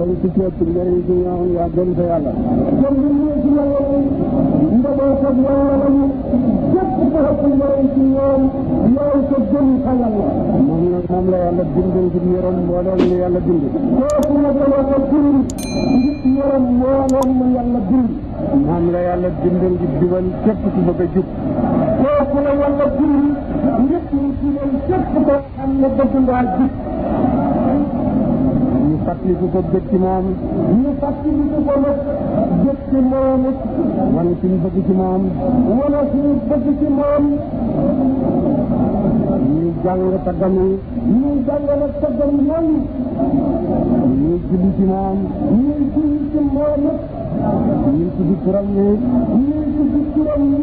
loolu ci képp njëriñ ci ñoom yaa gën fa yàlla. kon li ñu ci yàlla njaboot ak yàlla lañu képp képp njëriñ ci ñoom yow sa gën fa yàlla. moom nag moom la yàlla bindal ci yaram mboolem lu yàlla bind. kooku nag la yàlla bind ngir yaram mboolem lu yàlla bind. moom la yàlla bindal ci diwal képp ku bëgg a jub. kooku la yàlla bind ngir diwal képp koo xam ne bëgg ngaa jub. fàttaliku ko bëgg ci moom. ñu fàttaliku ko nag bëgg ci moom it. wane suñu bëgg ci moom. wane suñu bëgg ci moom. ñuy jàng taggam yi. ñuy jàng nag taggam yooyu. ñuy julli ci moom. ñuy julli ci moom it. ñu ngi tudd turam ne. ñu ngi tudd turam ne.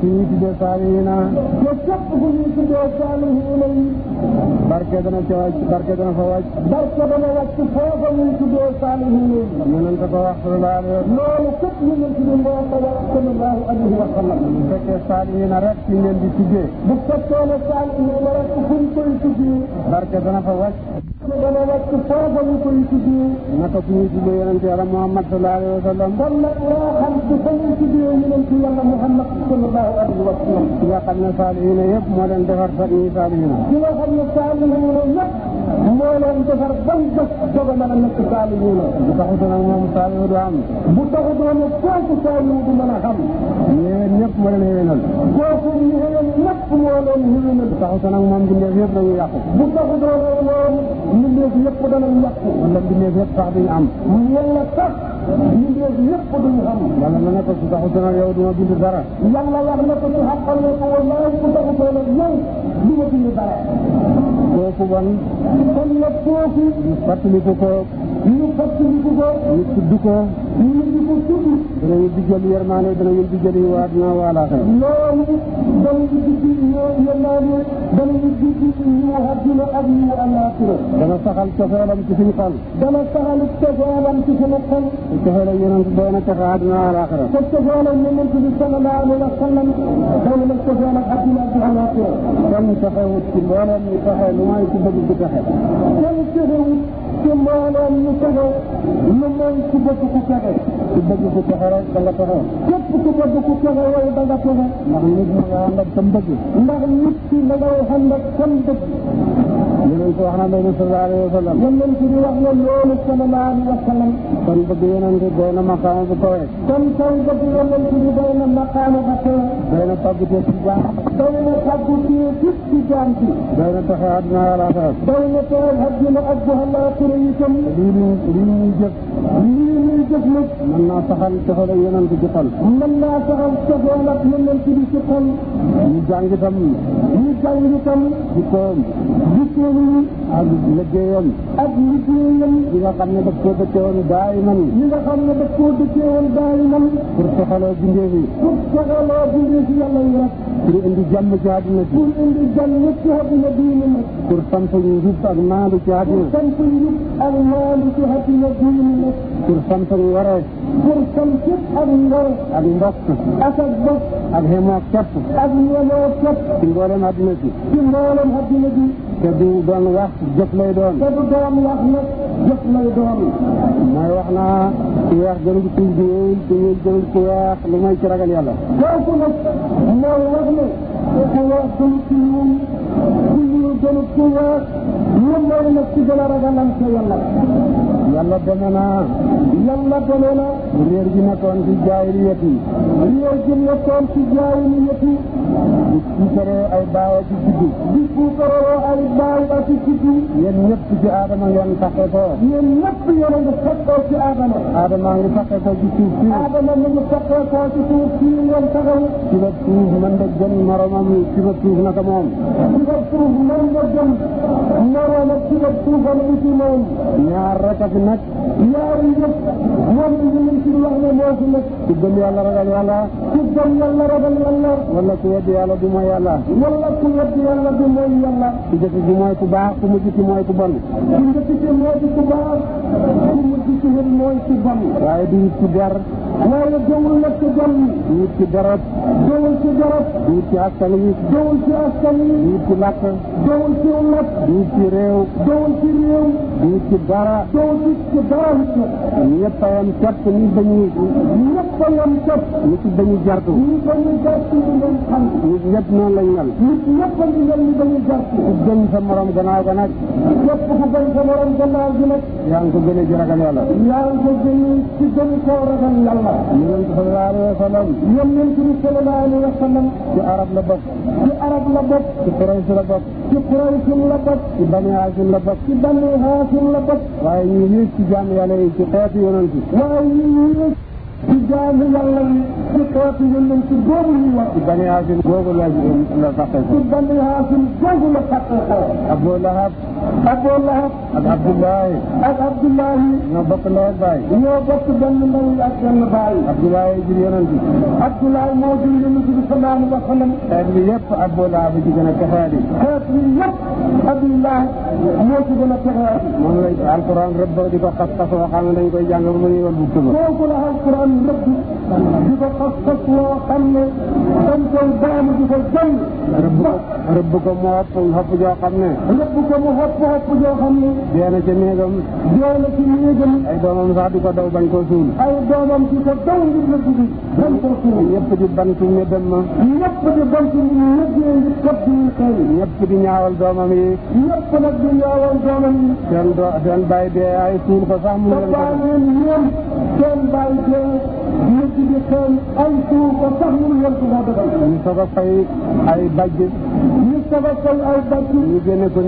te ñu tuddee saalihiina. te képp ku ñu tuddee saalihiina yi. barke dana ca wàcc barke dana fa wàcc. barke dana wàcc foofa ñu tuddee saalihiina yi. ñu ngi ko wax sallallahu alayhi wa sallam. loolu képp ñu ngi tudd mboo ko wax sallallahu alayhi wa sallam. bu fekkee saalihiina rek ci ngeen di tuddee. bu fekkee ne saalihiina rek fu ñu koy tuddee. barke dana fa wàcc. dana nekk foofa ñu koy tuddee. naka bu ñuy tuddee yonente yàlla Muhammad sallallahu alayhi wa sallam. kon nag loo xam ne fa ñuy tuddee yonente yàlla Muhammad sallallahu alayhi wa sallam. ki nga xam ne saalihiina yëpp moo leen defar sax ñuy saalihiina. ki nga xam ne saalihiina yëpp. moo leen defar ban bés doog a mën a nekk saalihiina bu taxutoon ak moom saalihu du am bu taxutoon ak kooku saalihu du mën a xam yéen ñëpp moo leen yéenal kooku yéen ñëpp moo leen yéenal bu taxutoon ak moom bindeef yëpp dañu yàqu bu taxutoon ak moom bindeef yëpp danañ yàqu wala bindeef yëpp sax duñu am yàlla sax mbindeef yépp duñu xam yàlla na nekk su taxu sonal yow duma bind dara yàlla wax na ko ñu xàqal ne ko wallaahi ku taxu sonal yow duma bind dara kooku bon kon nag kooku ñu fàttaliku ko ñu fàttaliku ko ñu tudd ko ñu ngi ko tudd danañu diggal yermaane danañu diggal yi waat na waalaata loolu danañu digg yermaane danañu digg ñu àddina ak ñu alaatira dana saxal cofeelam ci suñu xol dana saxal cofeelam ci suñu xol تسهل من دون تفاعل مع الاخره. والتفاعل من النبي السماء الله عليه وسلم دون التفاعل حتى لا تفاعل كم تفاوت كبار المتفاعل ما يكتب بالتفاعل. كم تفاوت كبار المتفاعل مما يكتب بالتفاعل. كتب بالتفاعل بلا تفاعل. كيف كتب بالتفاعل بلا تفاعل؟ نحن نجمع عندك كم بدي. نحن نجمع عندك كم بدي. yonent bi wax na loolu sallallahu alayhi wa sallam kon bëgg yonent bi doy na maqaama bu kawe kon kon bëgg yonent bi doy na maqaama bu kawe doy na fàggutee ci jaam doy na fàggutee ci ci jaam ci doy na taxe àdduna alaxira doy na teral àdduna ak bu alaxira yi tam lii ñu lii ñuy jëf lii ñuy jëf nag mën naa saxal taxal ak yonent ci xol mën naa saxal taxal ak yonent bi ci xol ñu jàng itam ñu jàng itam jikkoom jikkoom ak liggéeyam. ak liggéeyam. li nga xam ne daf koo dëkkewoon daay man. li nga xam ne daf koo dëkkewoon daay man. pour soxaloo bindee fi. pour soxaloo bindee fi yàlla yi rek. pour indi jàmm ci àdduna bi. pour indi jàmm ci àdduna bi ni nag. pour sant njub ak maandu ci àdduna. pour sant njub ak maandu ci àdduna bi ni nag. pour sant wareef. pour sant ak ngor. ak mbokk. ak ak bokk. ak xemoo képp. ak ñemoo képp. ci mboolem àdduna bi. ci mboolem àdduna bi. te du doon wax jëf lay doon. te wax nag jëf lay doon. mooy wax naa ci weex jarul ci ñuul ci ñuul jarul ci lu may ci ragal yàlla. yàlla deme naa yàlla deme na réer gi nekkoon ci jaahiliyat yi réer gi nekkoon ci jaahiliyat yi di puukaroo ay baaw ci juddu di puukaroo ay baaw ci juddu yéen ñëpp ci aadama ngeen taxe ko yéen ñëpp yéen a ngi taxoo ci aadama aadama ngi taxe ko ci suuf si aadama mu ngi taxee ko ci suuf si ngeen taxaw ci ba suuf man de gën moromam ci ba suuf naka moom ci ba suuf man de gën moromam ci ba suufam ci moom ñaar rek nag ñaari yëpp moom li ñu ci wax ne moo fi nekk ku gëm yàlla ragal yàlla ku gëm yàlla ragal yàlla wala ku weddi yàlla du mooy yàlla wala ku weddi yàlla du mooy yàlla ku jëkk ci mooy ku baax ku mujj ci mooy ku bon ku njëkk ci mooy ku baax ku mujj ci mooy ku bon waaye du nit ci der waaye dawul nag ci bon du nit ci derab dawul ci derab du nit ci askan yi dawul ci askan yi du nit ci làkk dawul ci làkk du nit ci réew dawul ci réew du nit ci dara dawul ci dara ñëpp a yam képp ni dañuy ñëpp a yam képp ni ci dañuy jartu ni dañuy jartu ni ngeen xam nit ñëpp noonu lañ mel nit ñëpp a ngi mel ni dañuy jartu ku gën sa morom gannaaw ga nag képp ku gën sa morom gannaaw gi nag yaa ngi ko gënee ci ragal yàlla yaa ngi ko gënee ci gën koo ragal yàlla yonent bi sallallahu alayhi wa sallam yonent bi sallallahu alayhi wa sallam ci arab la bokk ci arab la bokk ci Quraysh la bokk ci Quraysh la bokk ci Bani Haasim la bokk ci Bani Haasim la bokk waaye büyük bir camialara iltifatı yöneldi. ci jaamu yàlla ni ci xeetu yonent ci boobu ñuy wax. ci bani haasim googu la la fàqee ko. ci bani haasim googu la fàqee ko. Abu Lahab. Abu Lahab. ak Abdullahi. ak Abdullahi. ñoo bokk ndey baay. ñoo bokk benn ndey ak benn baay. Abdullahi jur yonent bi. Abdullahi moo jur yonent bi sallallahu alayhi wa sallam. xeet bi yëpp Abu Lahab ci gën a texee di. xeet bi yëpp Abdullahi moo ci gën a texee di. moom la alquran rëbb di ko xas xas waxal dañ koy jàng ba mu ñëwal bu tuba. kooku la alquran koy rëbb di ko xas xas loo xam ne dañ koy daanu di ko jël. rëbb rëbb ko mu hopp hopp joo xam ne. rëbb ko mu hopp hopp joo xam ne. dee na ca néegam. dee na ci néegam. ay doomam sax di ko daw bañ koo suul. ay doomam di ko daw ngir rëbb bi bañ koo suul. ñëpp di bantu ne dem ma. ñëpp di bantu ne ñëppee ngir kër gi ñu xëy. ñëpp di ñaawal doomam yi. ñëpp nag di ñaawal doomam yi. seen do seen bàyyi dee ay suul ko sax mu. te bàyyi ñoom seen bàyyi dee ay suuf ba sax mënuñu wan ko ay bàjj کام کچھ کام روز بابل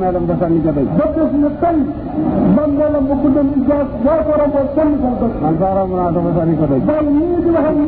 میڈم بتا دیجیے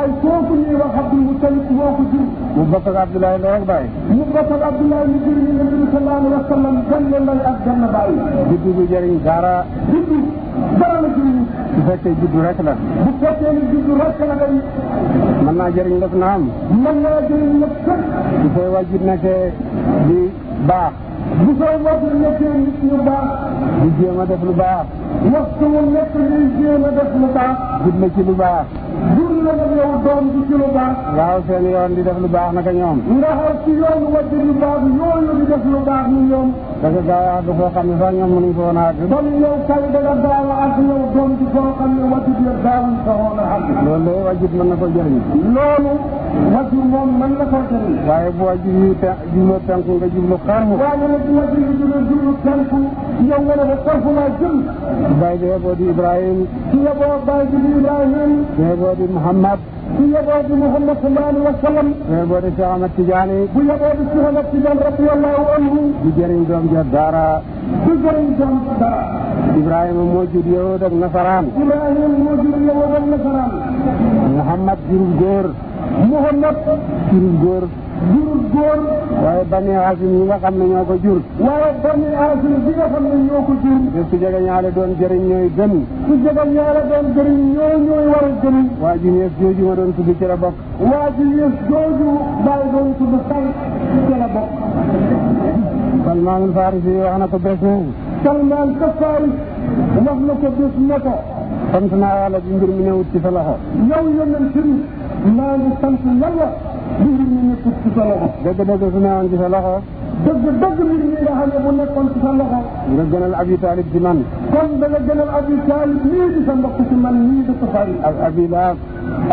Abdoulaye kooku ñuy wax Abdul Mutalib moo ko jur. mu bokk ak Abdoulaye Ndeye ak Baye. mu bokk ak Abdoulaye mu jur ñu ne sallallahu alayhi wa sallam benn ndey ak benn baay. juddu bu jëriñ dara. juddu dara la jëriñ. bu fekkee juddu rek la. bu fekkee ni juddu rek la day. mën naa jëriñ lépp na am. mën naa jëriñ lépp fekk. bu koy wajjit nekkee di baax. bu soo bokk nekkee nit ñu baax. di jéem a def lu baax. waxtu mu nekk ñuy jéem a def lu baax. jublu ci lu baax. la def yow doom bi ci lu baax. waaw seen yoon di def lu baax naka ñoom. ndax ci yoonu wàcc lu baax yooyu di def lu baax ni ñoom. parce que daa wax du foo xam ne sax ñoom mënuñ ko woon a àgg. kon yow kay dana daaw a àgg yow doom bi foo xam ne wàcc bi daawuñ ko woon a àgg. loolu de wàccit mën na ko jëriñ. loolu. wàcc moom mën na ko jëriñ. waaye bu wàcc yi te jublu penku nga jublu xar mu. waaye nag bu wàcc yi dina jublu penku yow nga ne ko penku laa jëm. Baye di yeboo di Ibrahima. di yeboo Baye di Ibrahima. di yeboo di Mouhamed Muhammad. bu yeboo di Muhammad sallallahu alayhi wa sallam. bu yeboo di Cheikh Ahmad Tidiane. bu yeboo di Cheikh Ahmad Tidiane radiyallahu anhu. di jëriñ doom ja dara. di jëriñ doom dara. Ibrahima moo jur yahuud ak nasaraan. Ibrahima moo jur yahuud ak nasaraan. Muhammad jurul góor. Muhammad jurul góor. jurul góor. waaye bani Haasim yi nga xam ne ñoo ko jur. waaye bani Haasim bi nga xam ne ñoo ko jur. te su jege ñaale doon jëriñ ñooy gën. su jege doon jëriñ war a jëriñ. waa ji yëf jooju ma doon tudd ci la bokk. waa ji yëf jooju bàyyi doon tudd tànk ci la bokk. Salmaan al-Faarisi wax na ko bés ne. Salmaan al-Faarisi wax na ko bés ne ko. sant naa yàlla bi mbir mi newut ci sa loxo. yow yónneen sëriñ maa ngi sant yàlla. mbir mi nekkul ci sa loxo. dëgg dëgg dinaa ci sa loxo. dëgg dëgg mbir mi nga xam ne bu nekkoon ci sa loxo. nga gënal abi talib ci man. kon da nga gënal abi talib nii di sa mbokk ci man nii di sa xarit. ak abi lahab.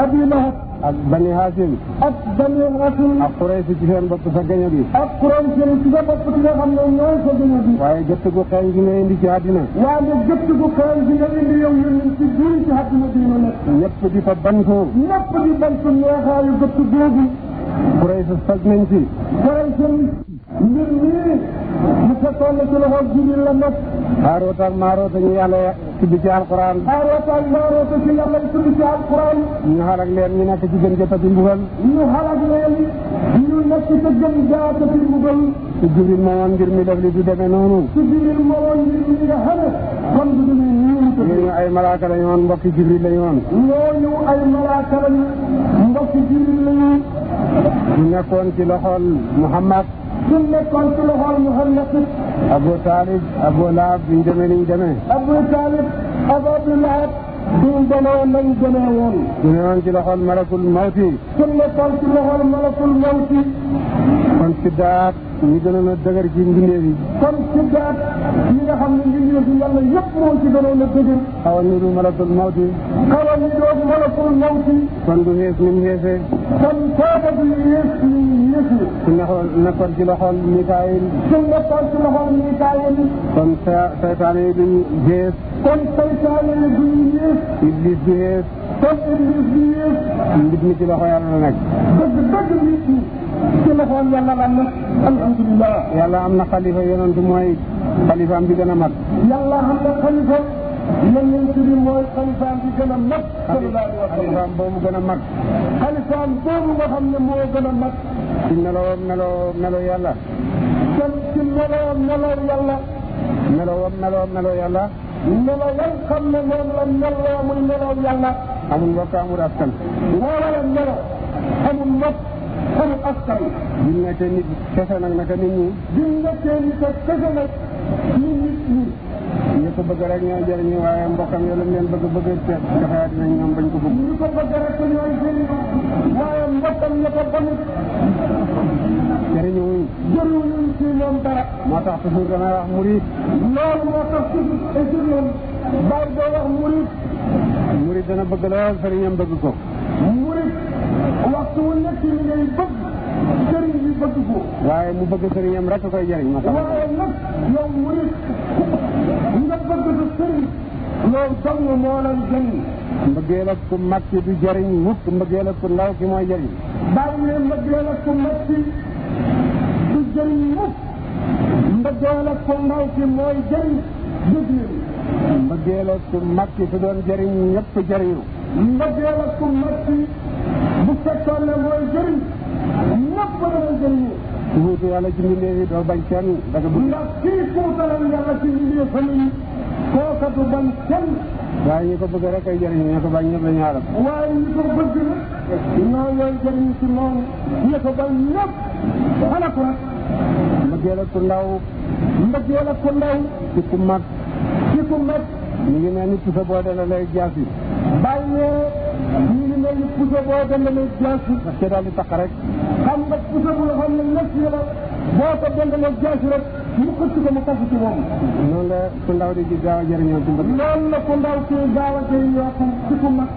abi lahab. ak bani hasim. ak bani hasim. ak quraysi ci seen bopp sa gëño bi. ak quraysi ci sa bopp ci nga xam ne ñooy sa gëño bi. waaye gëtt gu xeeñ gi nga indi ci àddina. waaye gëtt gu xeeñ gi nga indi yow yéen ci biir ci àddina bi ñu nekk. ñëpp di fa bantu. ñëpp di bantu neexaayu gëtt googu. Por eso está mbir mii bu fekkoon ne ci loxo jibril la nekk. Haaroot ak Maaroot ñu yàlla tudd ci alquran. Haaroot ak Maaroot ci yàlla tudd ci alquran. ñu xalak leen ñu nekk ci gën jëkkati mbugal. ñu xalak leen ñu nekk ci gën jëkkati mbugal. su jibril moo woon mbir mi def li du demee noonu. su jibril moo woon mbir mi nga xam ne kon du demee nii. ñu ay malaaka lañu woon mbokki jibril lañu woon. ñooñu ay malaaka lañu mbokki jibril lañu. ñu nekkoon ci loxol Muhammad. suñ nekkoon ci loxoom ñu xam ne fit Abu Talib Abu Lahab biñ demee niñ demee Abu Talib ak Abu Lahab biñ demee nañ demee woon su nekkoon ci loxoom malakul mawti suñ nekkoon ci loxoom malakul mawti kon siddaat ñi gënoon a dëgër ci mbindeef yi. kon ci gaat ñi nga xam ne mbindeef yi yàlla yëpp moo ci gënoon a dëgër. xaw a niru malakul mawti. xaw a niru malakul mawti. kon du xees ni mu xeesee. kon kooka du yées ni mu yéesee. su nekkoon nekkoon ci loxol Mikaayil. su nekkoon ci loxol Mikaayil. kon sa saytaane yi duñ xees. kon saytaane yi duñ yées. Iblis du xees. kon Iblis du yées. nit ñi ci loxo yàlla la nekk. dëgg dëgg nit ñi. ci loxoom yàlla lan la alhamdulilah yàlla am na xalifa yonentu mooy xalifaam bi gën a mag yàlla am na xalifa yonent bi mooy xalifaam bi gën a mag xalifaam boobu gën a mag xalifaam boobu nga xam ne moo gën a mag ci meloo meloo meloo yàlla kon ci meloo meloo yàlla meloo meloo meloo yàlla meloo yan xam ne moom la meloo muy meloo yàlla amul mbokk amul askan meloo amul mbokk xamu askan. biñ nekk nit kese nag naka nit ñi. biñ nekk nit kese nag nit ñi. ñëpp bëgg rek ñoo jëriñu waaye mbokkam yooyu lañ leen bëgg bëgg seet dafa dinañ ñoom bañ ko bëgg. ñu ko bëgg rek ñooy jëriñu waaye mbokkam ña ko bonut. jëriñu wuñ. jëriñu ci moom dara. moo tax toujours dana wax murid. loolu moo tax toujours et toujours bàyyi boo wax murid. murid dana bëgg lool sëriñam bëgg ko. waxtu wu nekk mi ngay bëgg sëriñ bi bëgg waaye mu bëgg sëriñam rek koy jëriñ ma. waaye nag yow murit nga bëgg sa sëriñ. loolu dong moo lay jëriñ. mbëggeel ak ku mag ci du jëriñ mukk mbëggeel mooy jëriñ. bàyyi ne mbëggeel ak ku mag ci du jëriñ mukk mbëggeel ak ku ndaw ki mooy jëriñ dëgg mbëggeel ak ku mag bu fekkoon ne mooy jëriñ ñëpp dana jëriñu wuutu yàlla ci mbindeef yi doo bañ kenn da nga bëgg ndax kii kuutalam yàlla ci mbindeefam yi kooka du bañ kenn waaye ñi ko bëgg rek ay jëriñ ñi ko bañ a dañu xaaral waaye ñi ko bëgg nag ñoo yooy jëriñ ci moom ñi ko bañ ñëpp xana ko rek mbëggeel ak ku ndaw mbëggeel ak ku ndaw ci ku mag ci ku mag ñu ngi mel sa boo dalalee jaas yi bàyyi ñu ngi mel ni puso boo dendalee jaasi. ndax cee daal di tax rek. xam nga puso bu nga xam ne nekk na la boo mu xëcc ko mu tax la ku ndaw gi gaaw a jëriñoo ci mbëgg. noonu la ku ndaw ci gaaw a jëriñoo ci ku mag.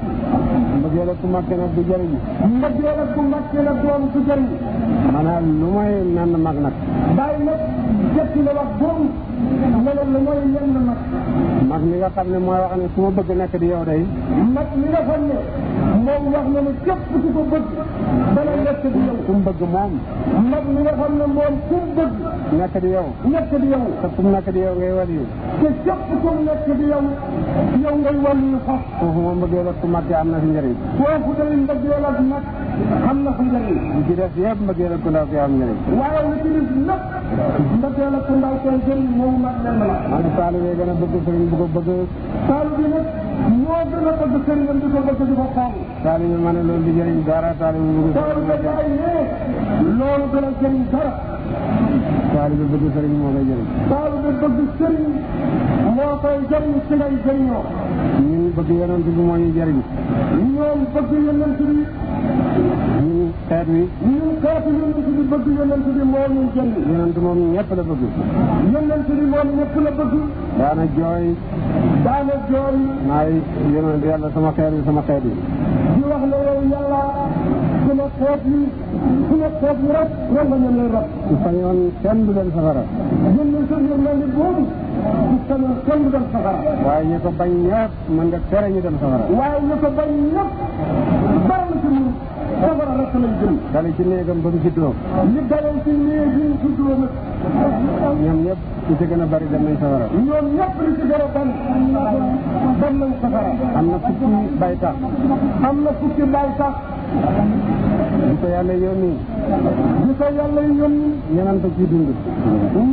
mbëggeel ak ku mag nag du jëriñ. mbëggeel ak ku mag nag doon du jëkki la wax boobu loolu la mooy lenn mag mag mi nga xam ne mooy wax ne su ma bëgg nekk di yow day mag mi nga xam ne moom wax na ne képp ku ko bëgg dana nekk di yow ku mu bëgg moom mag mi nga xam ne moom ku mu bëgg nekk di yow nekk di yow te ku mu nekk di yow ngay wàll yi te képp ku mu nekk di yow yow ngay wàll yu xos foofu moom bëggee la ku mat am na fi njëriñ foofu day mbëggee la nag xam na fi njëriñ li ci des yëpp mbëggee la ku ndaw am njëriñ waaye li ci des nag teel a ku ndaw teel jëm moom mag lenn la. man taalibe gën a bëgg sëriñ bu ko bëgg. taalibe nag moo gën a bëgg sëriñam di ko bëgg di ko xool. taalibe ma ne loolu di jëriñ dara taalibe bu ko. taalibe daay ne loolu gën a jëriñ dara. taalibe bëgg sëriñ moo koy jëriñ. taalibe bëgg sëriñ moo koy jëriñ si ngay jëriñoo. ñun bëgg yonent bi moo ñu jëriñ. ñoom bëgg yonent bi. ñun xeet wi. ñun xeet wi ñun ñu bëgg yonent bi moom ñu jënd. yonent moom ñëpp la bëgg. yonent bi moom ñëpp la bëgg. daana jooy. daana jooy. maay yonent yàlla sama xeet wi sama xeet wi. di wax ne yow yàlla sama xeet wi sama xeet wi rek. loolu la ñu lay rab. su fañoon kenn du leen safara. yonent bi yonent boobu. di sol kenn du dem safara. waaye ñu ko bañ ñëpp mën nga tere ñu dem safara. waaye ñu ko bañ ñëpp baral ci ñun safara rek lañ jëm. dalee ci néegam ba mu juddoo. ñu dalee ci néeg yi juddoo nag. ñoom ñëpp ñu ci gën a bari dem nañ safara. ñoom ñëpp li ci gën a ban dem nañ safara. am na fukki baytax. am na fukki baytax. ñi ko yàlla yónni ñi ko yàlla yónni ñenanta ci dund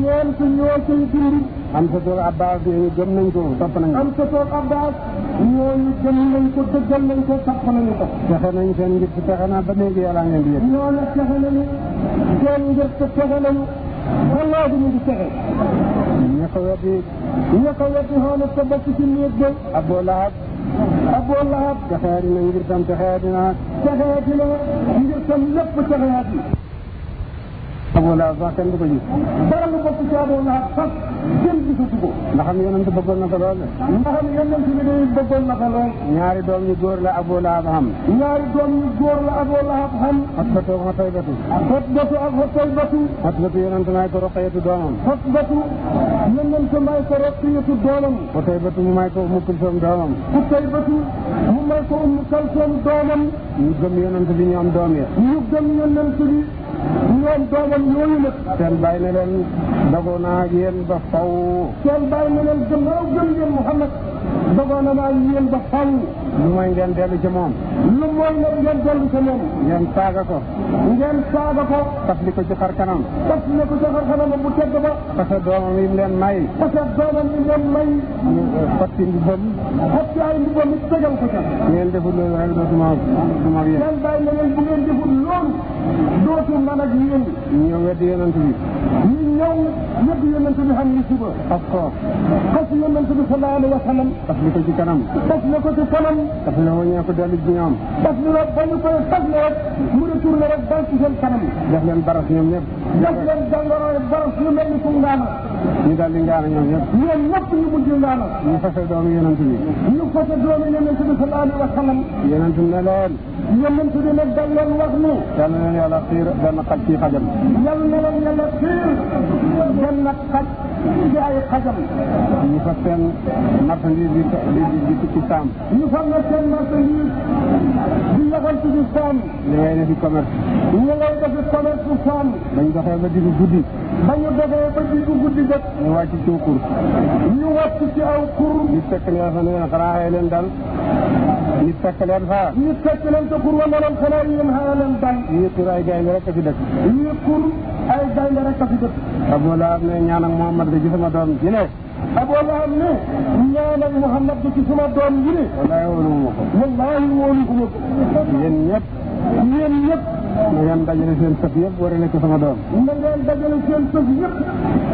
ñeent ñoo ciy dund am sa tool abbas yooyu gëm nañ ko topp nañ am sa tool abbas ñooñu gëm nañ ko dëggal nañ ko topp nañu ko texe nañ seen ngir te texe naa ba léegi yàlla ngeen di yëg ñooñu texe nañu seen ngir te texe nañu wallaahi ñu di texe ña ko wetti ña ko wetti xoona sa bokk ci néeg de Abou Lahab Abu Lahab jaxeeti na ngir tam jaxeeti na jaxeeti na ngir tam lépp jaxeeti Abu Lahab sax kenn du ko gis. dara lu bokk ci Abu Lahab sax kenn gisatu ko. nga xam ne yonent bëggoon na ko lool. nga xam ne yonent bi day bëggoon na ko lool. ñaari doom yu góor la Abu Lahab xam. ñaari doom yu góor la Abu Lahab xam. Xotbatu ak Xotaybatu. Xotbatu ak Xotaybatu. Xotbatu yonent may ko Ruqayatu doomam. Xotbatu yonent may ko Ruqayatu doomam. Xotaybatu mu may ko Ummu Kulsum doomam. Xotaybatu mu may ko Ummu Kulsum doomam. ñu gëm yonent bi ñu am doom ya. ñu gëm yonent bi. ñoom doomam yooyu nag. seen bàyyi ne leen dogoo naa ak yéen ba faw. seen bàyyi ne leen gëm raw gëm ngeen Muhammad dogoo na naa ak ba faw. lu mooy ngeen dellu ci moom. lu mooy ngeen dellu ko. ngeen saaga ko. taf li ko ci kanam. taf li ko ci kanam bu tedd ba. parce que doomam yi mu leen may. parce que doomam yi mu leen may. ñu euh, fatti mbubam. fatti ay mbubam it tegal ko ca. ngeen deful loolu rek dootuma dootuma yéen. ngeen bàyyi na ngeen deful loolu. dootu mën ak yéen. ñëw weddi yonent que. kanam. taf li ko ci kanam. daf na wañee ko dellu ci ñoom daf na ba ñu koy fagle rek mu retourné rek dal ci seen kanam def leen baras ñoom ñëpp def leen jàngoro baras ñu mel ni ku ngaana ñu daal di ngaana ñoom ñëpp ñoom ñëpp ñu mujj ngaana ñu fase doomu yonent bi ñu fase doomu yonent bi sallallahu alayhi wa sallam yonent ne leen yonent bi nag dal leen wax ne. yal na leen yàlla xiir benn xaj ci xajam. yal na leen yàlla xiir benn xaj ci ay xajam. ñu fa seen marchandise di di di tukki saam. ñu fa nga seen marchandise di yaxantu ci saam. li ngay defi commerce. ñu ngay defi commerce bu saam. dañ doxee ba diggu guddi. ba ñu doxee ba diggu guddi jot. ñu wàcc ci aw kur. ñu wàcc ci aw kur. ñu fekk leen fa ne xanaa leen dal. ñu fekk leen fa. ñu fekk leen kur wala xale yi yéen xaaral leen bay. yii kur ay gaynde rek a fi dëkk. yii kur ay gaynde rek a fi dëkk. Abu Lahab ne ñaan ak Muhammad bi gisuma doom ji ne. Abu Lahab ne ñaanal Muhammad bi ci suma doom yi de. wallaahi wóoluwuma ko. wallaahi wóoluwuma ko. yéen ñëpp. yéen ñëpp. na ngeen dajale seen sëf yëpp war nekk sama doom. na ngeen dajale seen sëf yëpp.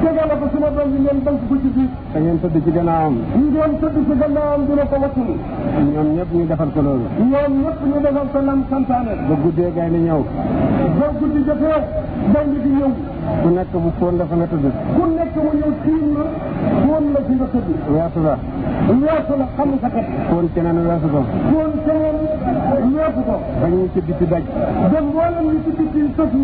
tegale ko suma doom yi ngeen bank ko ci biir. da ngeen tëdd ci gannaawam. ngeen tëdd ci gannaawam dina ko wattulu. ñoom ñëpp ñu defal ko loolu. ñoom ñëpp ñu defal ko lam santaane. ba guddee gaynde ñëw. ba guddi jotee gaynde di ñëw. ku nekk bu fóon la fa nga tëdd. ku nekk mu ñëw siin la fóon la fi nga tëdd. weesu la. weesu la xam sa kat. fóon keneen weesu ko. fóon keneen weesu ko. bañ ñu ci biti daj. dem wala ñu ci biti sëf yi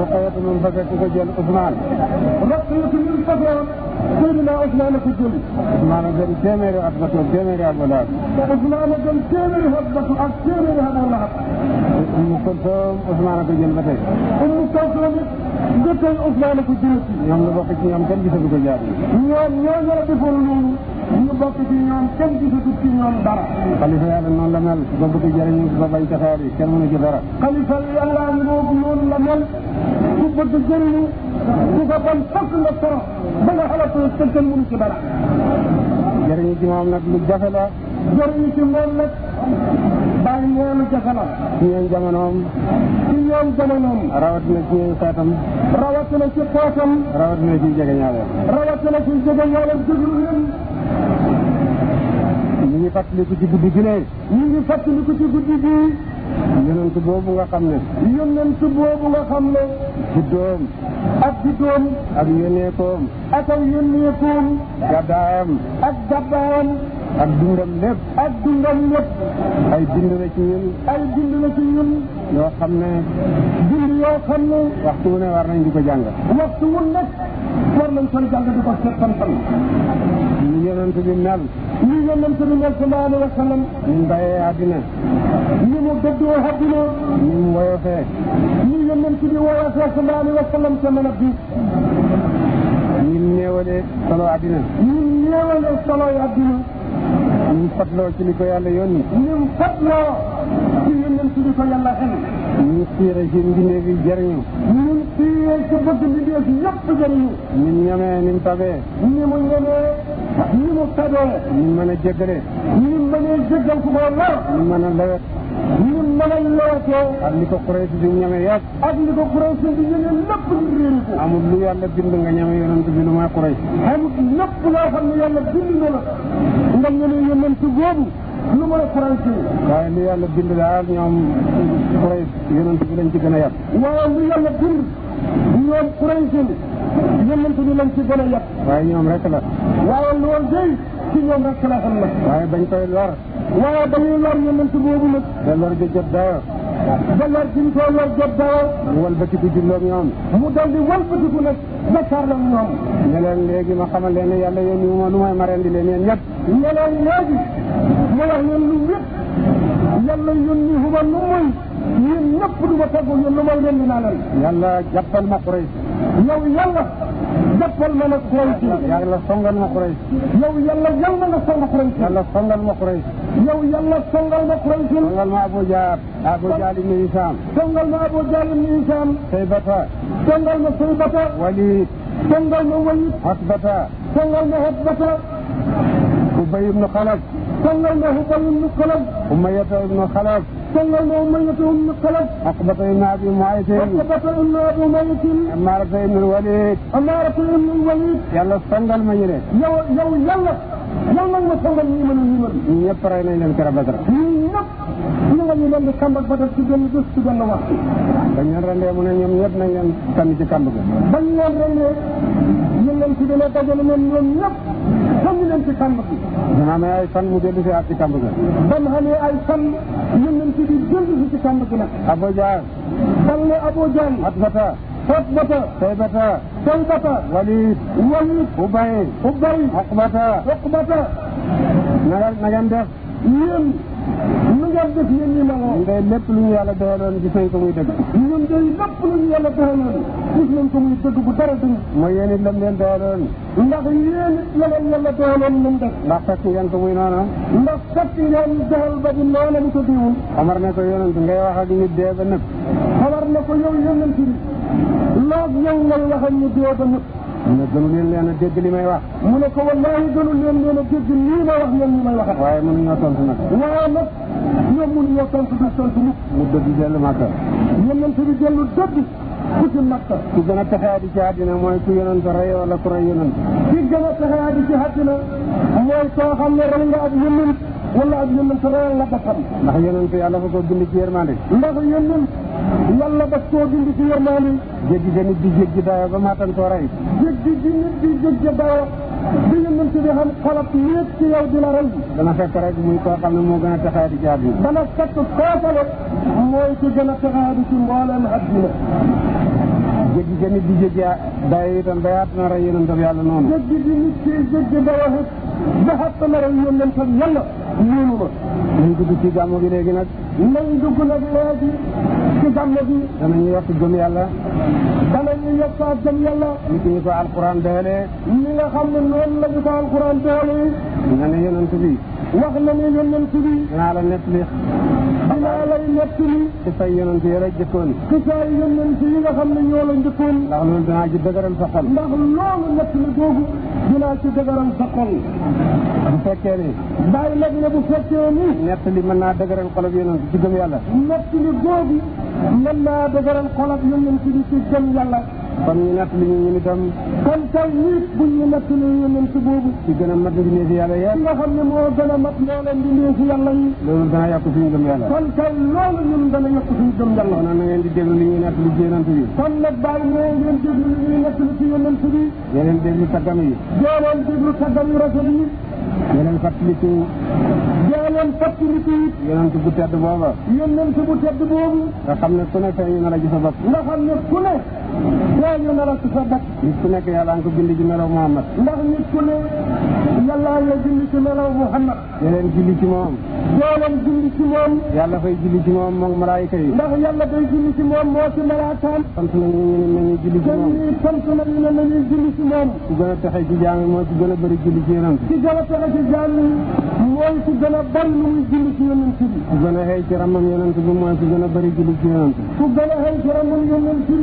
رقية من فجأة سجل عثمان رقية من فجأة سيدنا عثمان سجل عثمان جل تيمير أبدك تيمير أبو لهب عثمان جل تيمير أبدك تيمير أبو لهب أم كلثوم عثمان سجل بتك أم كلثوم جتن عثمان سجل يوم لبقيت يوم كان جسد جاري يوم يوم يوم يوم ñu bokk ci ñoom kenn gisatul ci ñoom dara. xalifa yàlla noonu la mel ba bëgg jëriñu ba bañ ci xeer yi kenn mënu ci dara. xalifa yàlla noonu la mel ku bëgg jëriñu ku ko bon fokk nga toro ba nga xalaatoo te kenn mënu ci dara. jëriñu ci moom nag lu jafe la. jëriñu ci moom nag bàyyi moolu jafe la. ci ñoom jamonoom. ci ñoom jamonoom. rawatina ci xeetam. rawatina ci xeetam. rawatina ci jegeñaale. rawatina ci jegeñaale déglu leen. ñu ngi fàttaliku ci guddi gi ne. ñu ngi fàttaliku ci guddi gi. yonent boobu nga xam ne. yonent boobu nga xam ne. guddoom. ak guddoom. ak yónneekoom. ak ak yónneekoom. gàddaayam. ak gàddaayam. ak dundam lépp. ak dundam lépp. ay bind la ci ñun. ay bind la ci ñun. yoo xam ne. bind yoo xam ne. waxtu wu ne war nañ di ko jàng. waxtu wu nekk war nañ ko jàng di ko seet xam-xam. yonent bi mel ni yonent bi mel sallallahu alayhi wa sallam ni mu bàyyee àddina ni mu dëddoo àddina ni mu woyofee ni yonent bi woyofee sallallahu alayhi wa sallam te mën a bi ni mu néewalee solo àddina ni mu néewalee solo àddina ni mu fatloo ci li ko yàlla yónni ni mu fatloo ci yonent bi ko yàlla xel ñu siire ci mbindeef yi jëriñu ñun siire ci bëgg mbindeef yëpp jëriñu ni mu ñamee ni mu tabee ni mu ñamee ನಿಮ್ಮೊತ್ತದೆ ನಿಮ್ಮನೆ ಜಗ್ಗನೆ ನಿಮ್ಮನೆ ಜಗ್ಗಲ್ಕುಬೋಲ್ಲ ನಿಮ್ಮನಲ್ಲೇ ನಿಮ್ಮನಲ್ಲೋಕೆ ಅಲ್ಲಿ ಕೊಕ್ಕುರೈಸಿ ದಿಂಗಮಯ ಅಲ್ಲಿ ಕೊಕ್ಕುರೈಸಿ ದಿಂಗನೆ ನಪ್ಪು ನಿಂಗಿರಿಕು ಅಮುಲ್ಲು ಎಲ್ಲ ದಿಂದಂಗ ನ್ಯಾಮ ಏನಂತ ದಿನಮ ಕೊರೈ ಹಮುಕ್ ನಪ್ಪು ಲಾಫನ್ನು ಎಲ್ಲ ದಿಂದಿನೋಲ ಇಂದನ್ನು ಏನಂತ ಗೋಬು lu mën a faranci waaye li yàlla bind daal ñoom kuréy yonent bi lañ ci gën a yàq waaw lu yàlla bind ñoom Quraysin yonent bi lañ ci gën a yàq. waaye ñoom rek la. waaye loolu day ci ñoom rek la xam nag. waaye bañ koy lor. waaye dañuy lor yonent boobu nag. da lor di jot daaw. da lor ci ko lor jot daaw. mu walbatiku julloog ñoom. mu dal di walbatiku nag jàkkaarloog ñoom. ne leen léegi ma xamal leen ne yàlla yónni ma lu may ma rendi leen yéen ñëpp. ne leen léegi ma wax leen lu wépp yàlla yónni huma lu muy. yéen ñëpp du ma tegu yéen lu may leen di naanal. yàlla jàppal ma Quraysh. yow yàlla jàppal ma la Quraysh. yàlla songal ma Quraysh. yow yàlla yàlla na songal Quraysh. yàlla songal ma Quraysh. yow yàlla songal ma Quraysh. songal ma Abu Jahl. Abu Jahl ibn Hisham. songal ma Abu Jahl ibn Hisham. Saybata. songal ma Saybata. Walid. songal ma Walid. Hatbata. songal ma Hatbata. Ubay ibn Khalaf. songal ma Ubay ibn Khalaf. Umayyata ibn Khalaf. صلى أمية بن خلف عقبة بن أبي معيط عقبة بن أبي معيط عمارة بن الوليد عمارة بن الوليد يلا صندل مجري يو يو يلا yàlla nga songal ñi mën ñi mën ñi ñëpp rey nañ leen keroog Badar ñi ñëpp ñu nga ñu leen di kàmb ak Badar ci benn bés ci benn waxtu dañ leen rendee mu ne ñoom ñëpp nañ leen tànn ci kàmb ga bañ leen rendee ñu leen ci dana dajale ñoom ñëpp sonn leen ci sàmm bi. bi nga xamee ay fan mu dellu si ci sàmm bi. ba mu xamee ay fan yonent bi dellu si ci sàmm bi nag. Abu Jahl. fan la Abu Jahl. Atbata. Atbata. Saybata. Saybata. Walid. Walid. Ubay. Ubay. Uqbata. Uqbata. na ngeen def. yéen. lu ngeen def yéen ñi nangoo. ñun day lépp lu ñu yàlla doxaloon gis nañ ko muy dëgg. ñun day lépp lu ñu yàlla doxaloon gis nañ ko muy dëgg bu dara dëgg. mooy yéen it lam leen doxaloon. ndax yéen it la leen yàlla doxaloon nañ def. ndax fekk ngeen ko muy noonu. ndax fekk ngeen doxal ba bu noonu bu ko diwul. xamar ne ko yonent ngay wax ak nit dee ba nëb. xamar ne ko yow yonent bi. loog yow ngay wax ak nit dee ba nëb. mu ne gënu leen leen a dégg li may wax mu ne ko wallaahi gënu leen leen a dégg lii ma wax yéen ñi may waxat waaye mënuñoo tontu nag waaye nag ñoom mënuñoo tontu du tontu nit mu dëgg dellu màkka yonent bi dellu dëgg ku ci màkka ku gën a taxaa di ci àddina mooy ku yonent rey wala ku rey yonent ki gën a taxaa di ci àddina mooy soo xam ne rey nga ak yonent wala ak yonent reyal la boppam ndax yonent yàlla fa koo bind ci yërmande ndax yonent yàlla daf koo bind ci yërmande jéggi ga nit di jéggi daayo ba maatan koo rey jéggi gi nit di jéggi daayo bi yonent bi xam xalab lépp ci yow di la rey dana fekk rek muy koo xam ne moo gën a taxaa di ci àdduna dana fekk kookale mooy ci gën a taxaa di ci mbooleem àdduna jéggi ga nit di jéggi daayo itam ba yaat na rey yonent bi yàlla noonu jéggi gi nit ci jéggi daayo ba xatt na rey yonent yàlla noonu ma ñu dugg ci gàmmu gi léegi nag nañ dugg nag léegi ci gàmmu gi danañu yokk gëm yàlla danañu yokkaat gëm yàlla nit ñi ko alquran doyalee ñi nga xam ne noonu la ñu ko alquran doyalee na ne yonent bi wax na ne yonent bi dinaa la nett li dinaa lay nett li ci say yonent yi la jëkkoon ci say yonent yi nga xam ne ñoo la njëkkoon ndax loolu dinaa ci dëgëral sa xol ndax loolu nett li googu dinaa ci dëgëral sa xol bu fekkee ni bàyyi ne bu fekkee ni. nettali mën naa dëgëral xolob yonent ci gëm yàlla. nettali googu mën naa dëgëral xolob yonent bi ci gëm yàlla. kon ñu nettali ñu ñu itam. kon taw nit bu ñu nettali yonent boobu. ci gën a mat mbindeefi yàlla yi. nga xam ne moo gën a mat moo leen mbindeefi yàlla yi. loolu dana yàq suñu gëm yàlla. kon taw loolu ñun dana yàq suñu gëm yàlla. kon na ngeen di déglu li ñuy nettali ci yonent bi. kon nag bàyyi nee ngeen déglu li ñuy nettali ci yonent bi. yeneen déglu taggam yi. yeneen déglu taggam yu rafet yi. ñu leen fàttaliku. yaa leen fàttaliku it. yonent bu tedd booba. yonent bu tedd boobu. nga xam ne ku ne tey na la gis sa bopp. nga xam ne ku ne. yooyu melo ci sa bopp. nit ku nekk yàlla nga ko bind ci melaw Muhammad. ndax nit ku ne yàlla la bind ci melaw Muhammad. di leen julli ci moom. doo leen julli ci moom. yàlla fay julli ci moom moom malaayika yi. ndax yàlla day julli ci moom moo ci malaakaam. sant nañu ñu ne nañu julli ci moom. sant nañu ne nañu julli ci moom. ku gën a texe ci jaam yi moo ci gën a bëri julli ci yonent. ci gën a texe ci jaam yi mooy ci gën a bëri lu muy julli ci yonent bi. ku gën a xëy ci ramam yonent bi mooy ci gën a bëri julli ci yonent bi. ku gën a xëy ci ramam yonent bi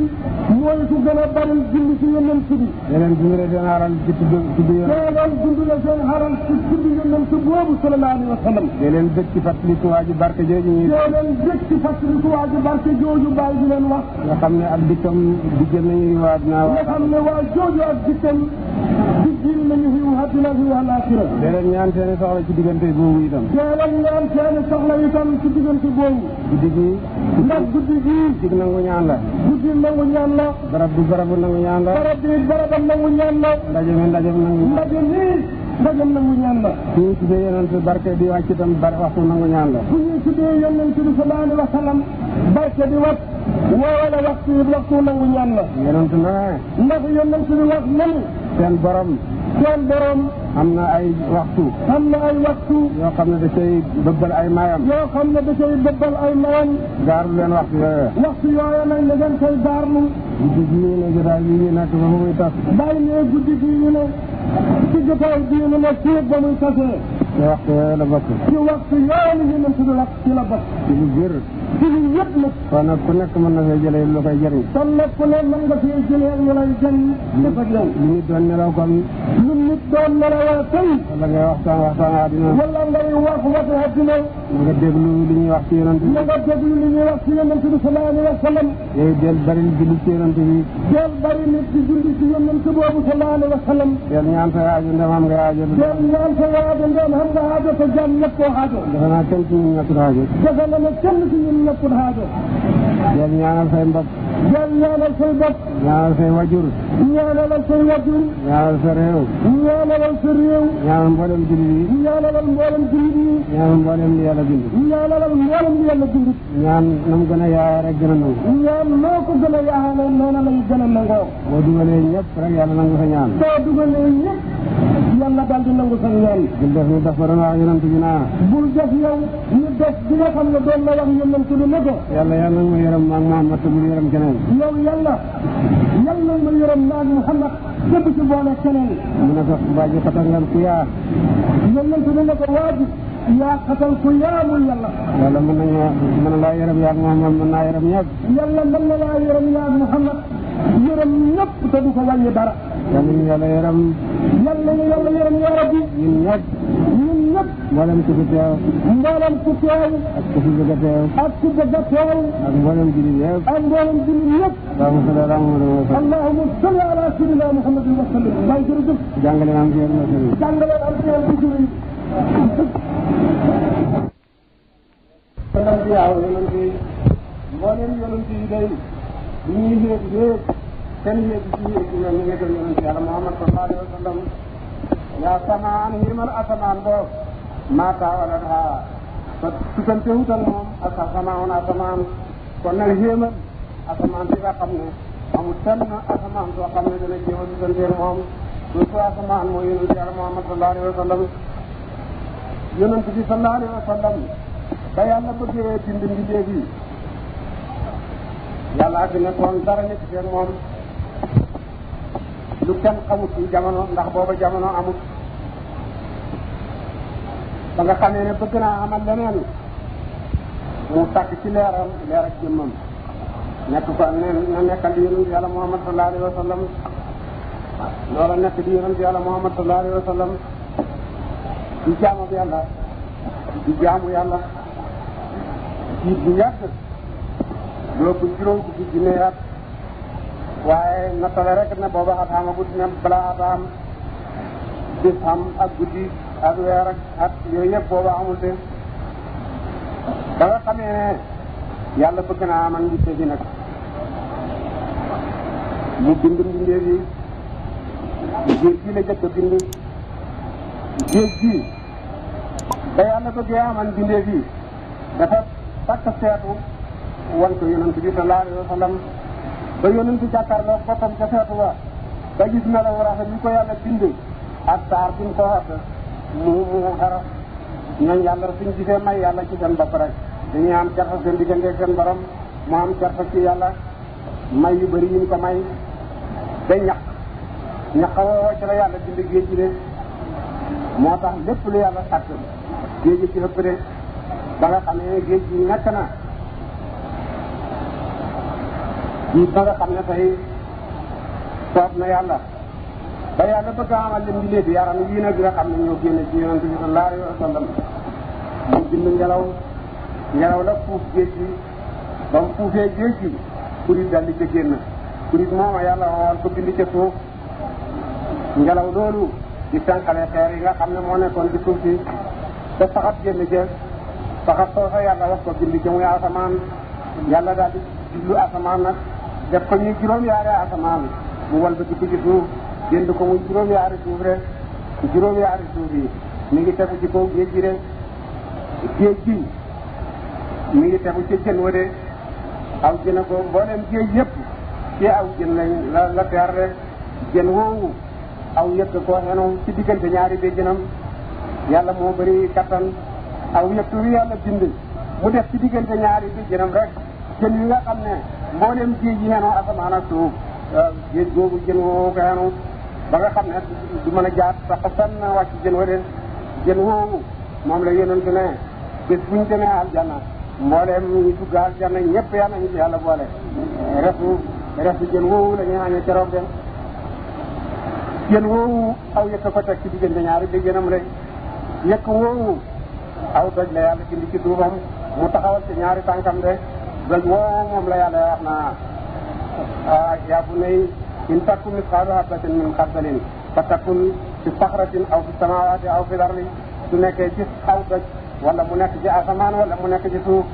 mooy ku gën a bari julli ci yeneen ci bi. yeneen dund la seen xaral ci tudd tudd yeneen. yeneen dund la seen xaral ci tudd yeneen ci boobu sallallahu alayhi wa sallam. yeneen dëkk ci fàttaliku waa ji barke jooju. yeneen dëkk ci fàttaliku waa ji barke jooju bàyyi di leen wax. nga xam ne ak dikkam diggéen nañu waa dinaa wax. nga xam ne waa jooju ak dikkam diggéen nañu fi àddina fi àllaaxira. yeneen ñaan seen soxla ci diggante boobu itam. yeneen ñaan seen soxla itam ci diggante boobu. guddi gi. ndax guddi gi. guddi nangu ñaan la. guddi nangu ñaan la. la. barab bi barabu nangu ñaan la. barab bi barabam nangu ñaan la. ndaje mi ndaje mi nangu. ndaje mi. ndegam nangu ñaan la su ñu tuddee yonent barke di wàcc itam bari waxtu nangu ñaan la bu ñu tuddee yonent bi sallallahu alayhi wa sallam barke di wàcc woowale waxtu yi waxtu nangu ñaan la yonent na ndax yonent bi wax nanu seen borom seen borom am na ay waxtu am na ay waxtu yoo xam ne da cay bëbbal ay mayam yoo xam ne da cay bëbbal ay mayam gaarlu leen waxtu yooyu waxtu yooyu nag da ngeen koy gaarlu guddi gi ñu ne jotaay bi ñu nekk ba muy tas bàyyi ne guddi gi ñu ne ci jotaay bii ñu nekk ci ba muy tasee. ci waxtu yooyu la bokk. ci waxtu yooyu ñu mën tudd la ci la bokk. ci lu gër. ci lu yëpp nag. kon nag ku nekk mën na fee jëlee lu koy jëriñ. kon nag ku nekk mën nga fee jëlee lu lay jëriñ. def ak yow. lu nit doon nelaw kon. lu nit doon nelawoo tey. wala ngay waxtaan waxtaan àddina. wala ngay wax wax àddina. nga déglu li ñuy wax ci yonent bi. nga déglu li ñuy wax ci yonent bi sallallahu alayhi wa sallam. yooyu del bari julli ci yonent bi. del bari nit di julli ci yonent boobu sallallahu alayhi wa sallam. yéen ñaan sa yaaju ndemam nga yaaju ñoom ñaan sa waajo ngeen xam nga haajo te jaam ñëppoo haajo defe naa kenn ci ñun ñëpput haajo defe na ne kenn ci ñun ñëpput haajo jël ñaanal say mbokk jël ñaanal say bopp ñaanal say wajur ñaanalal say wajur ñaanal sa réew ñaanalal sa réew ñaanal mboolem jullit yi ñaanalal mboolem jullit yi ñaanal mboolem li yàlla bind ñaanalal mboolem li yàlla bind ñaan na mu gën a yaayoo rek gën a nangu ñaan noo ko gën a yaayoo noonu lañ gën a nangoo boo dugalee ñëpp rek yàlla nangu sa ñaan boo dugalee ñëpp yàlla daal di nangu sa ñaan bul def ñu def ba doon wax yonent bi naa bul def yow ñu def bi nga xam ne doon la wax yonent bi ne ko yàlla yàlla ma yërëm maag Muhammad te bul yërëm keneen yow yàlla yàlla ma yërëm maag Muhammad te bu ci boole keneen mu ne ko waa ji xatal ngan ku yaa yonent bi ne ko waa ji yaa xatal ku yaa muy yàlla yàlla mën nañu mën na laa yërëm yaag Muhammad mën naa yërëm ñëpp yàlla mën na laa yërëm yaag Muhammad yërëm ñëpp te du ko wàññi dara. yal nañu yàlla yërëm. yal nañu yàlla yërëm yaa rabbi. ñun ñëpp. ñun ñëpp. mboolem ku fi teew. mboolem ku teew. ak ku fi bëgg a teew. ak ku bëgg a teew. ak mboolem jullit yëpp. ak mboolem jullit yëpp. allahumma salli ala sayyidina muhammadin wa sallim. waaye jërëjëf. jàngale am ci yéen jàngale am ci yéen jullit. yonent yi mboolem yonent yi day bu ñuy yéeg yéeg kenn yéeg ci yéeg ñoom ñu yéegal yonent yàlla Muhammad sallallahu alayhi wa sallam yaa samaan ximal asamaan boob maa taawalat haa ba tutante wutal moom ak asamaan asamaan kon nag xéemal asamaan si nga xam ne amul fenn asamaan soo xam ne dana jéem a tutanteeg moom lu soo asamaan mooy yonent yàlla Muhammad sallallahu alayhi wa sallam yonent bi sallallahu alayhi wa sallam ba yàlla bëggee bind mbindeef yi yàlla ak nekkoon dara nekk seen moom lu kenn xamut ci jamono ndax booba jamono amut ba nga xamee bëgg naa amal leneen mu takk ci leeram leer ak jëmmam nekk ko ne na nekkal di yonent yàlla muhammad sallallahu alayhi wa sallam loola nekk di yonent yàlla muhammad sallallahu alayhi wa sallam di jaamu yàlla di jaamu yàlla jiit bu yàgg lu ëpp juróom fukki junne at waaye nattale rek ne booba at xamagut ne balaa at am bis am ak guddi ak weer ak at yooyu yëpp booba amul te ba nga xamee ne bëgg naa man bi nag mu bind mbindeef yi géej gi la jëkk a bind géej gi ba yàlla bëggee aman mbindeef yi dafa takk seetu wan ko yonent bi sallallahu alayhi wa sallam ba yonent jàkkaarloo boppam ca seetu wa ba gis melaw rafet yi ko yàlla bindee ak taar bi ko xott mu mu xara ñooñ yàlla suñ gisee may yàlla ci seen bopp rek mu am carfa ci yàlla may yu bëri ko may ba ñaq ñaq woo ci la yàlla bind géej gi de moo tax lépp lu yàlla sàkk géej ci ëpp de ba nga xam géej gi nekk na ñu ba nga xam ne tey soob na yàlla ba yàlla bëgg a amal lim di léegi yaram yii nag nga xam ne ñoo génne ci yonente bi sallallahu alayhi wa sallam mu ngelaw ngelaw la fuuf géej gi ba mu fuufee géej gi kurit daldi ca génn kurit mooma yàlla wowal ko bind ca suuf ngelaw loolu di sànqale xeer yi nga xam ne moo nekkoon ci suuf si te saxat génn ca saxat soo sa yàlla wax ko bind ca asamaan yàlla daal di asamaan nag def ko ñuy juróom-yaari asamaan mu walbatiku ci suuf juróom rek juróom-yaari suuf yi mi ngi tegu ci kaw géej gi rek géej mi ngi tegu ci jën wa aw jën a ko mboolem géej yëpp ci aw jën la la teer rek jën woowu aw yëkk ko xenu ci diggante ñaari bi jënam yàlla moo bëri kattan aw yëkk wi yàlla bind mu def ci diggante ñaari bi jënam rek من کیجیے بگا کرنا موڑ گانا حال بال ہے نم رہے کی دودھ ہم موٹا سے یہاں ری کر رہے ہیں gëj woo moom la yàlla wax naa ah yaa bunayya in takku misqaalu habatin min xardalin fa takun fi saxratin aw fi samawaati aw fi lardi su nekkee ci aw doj wala mu nekk ci asamaan wala mu nekk ci suuf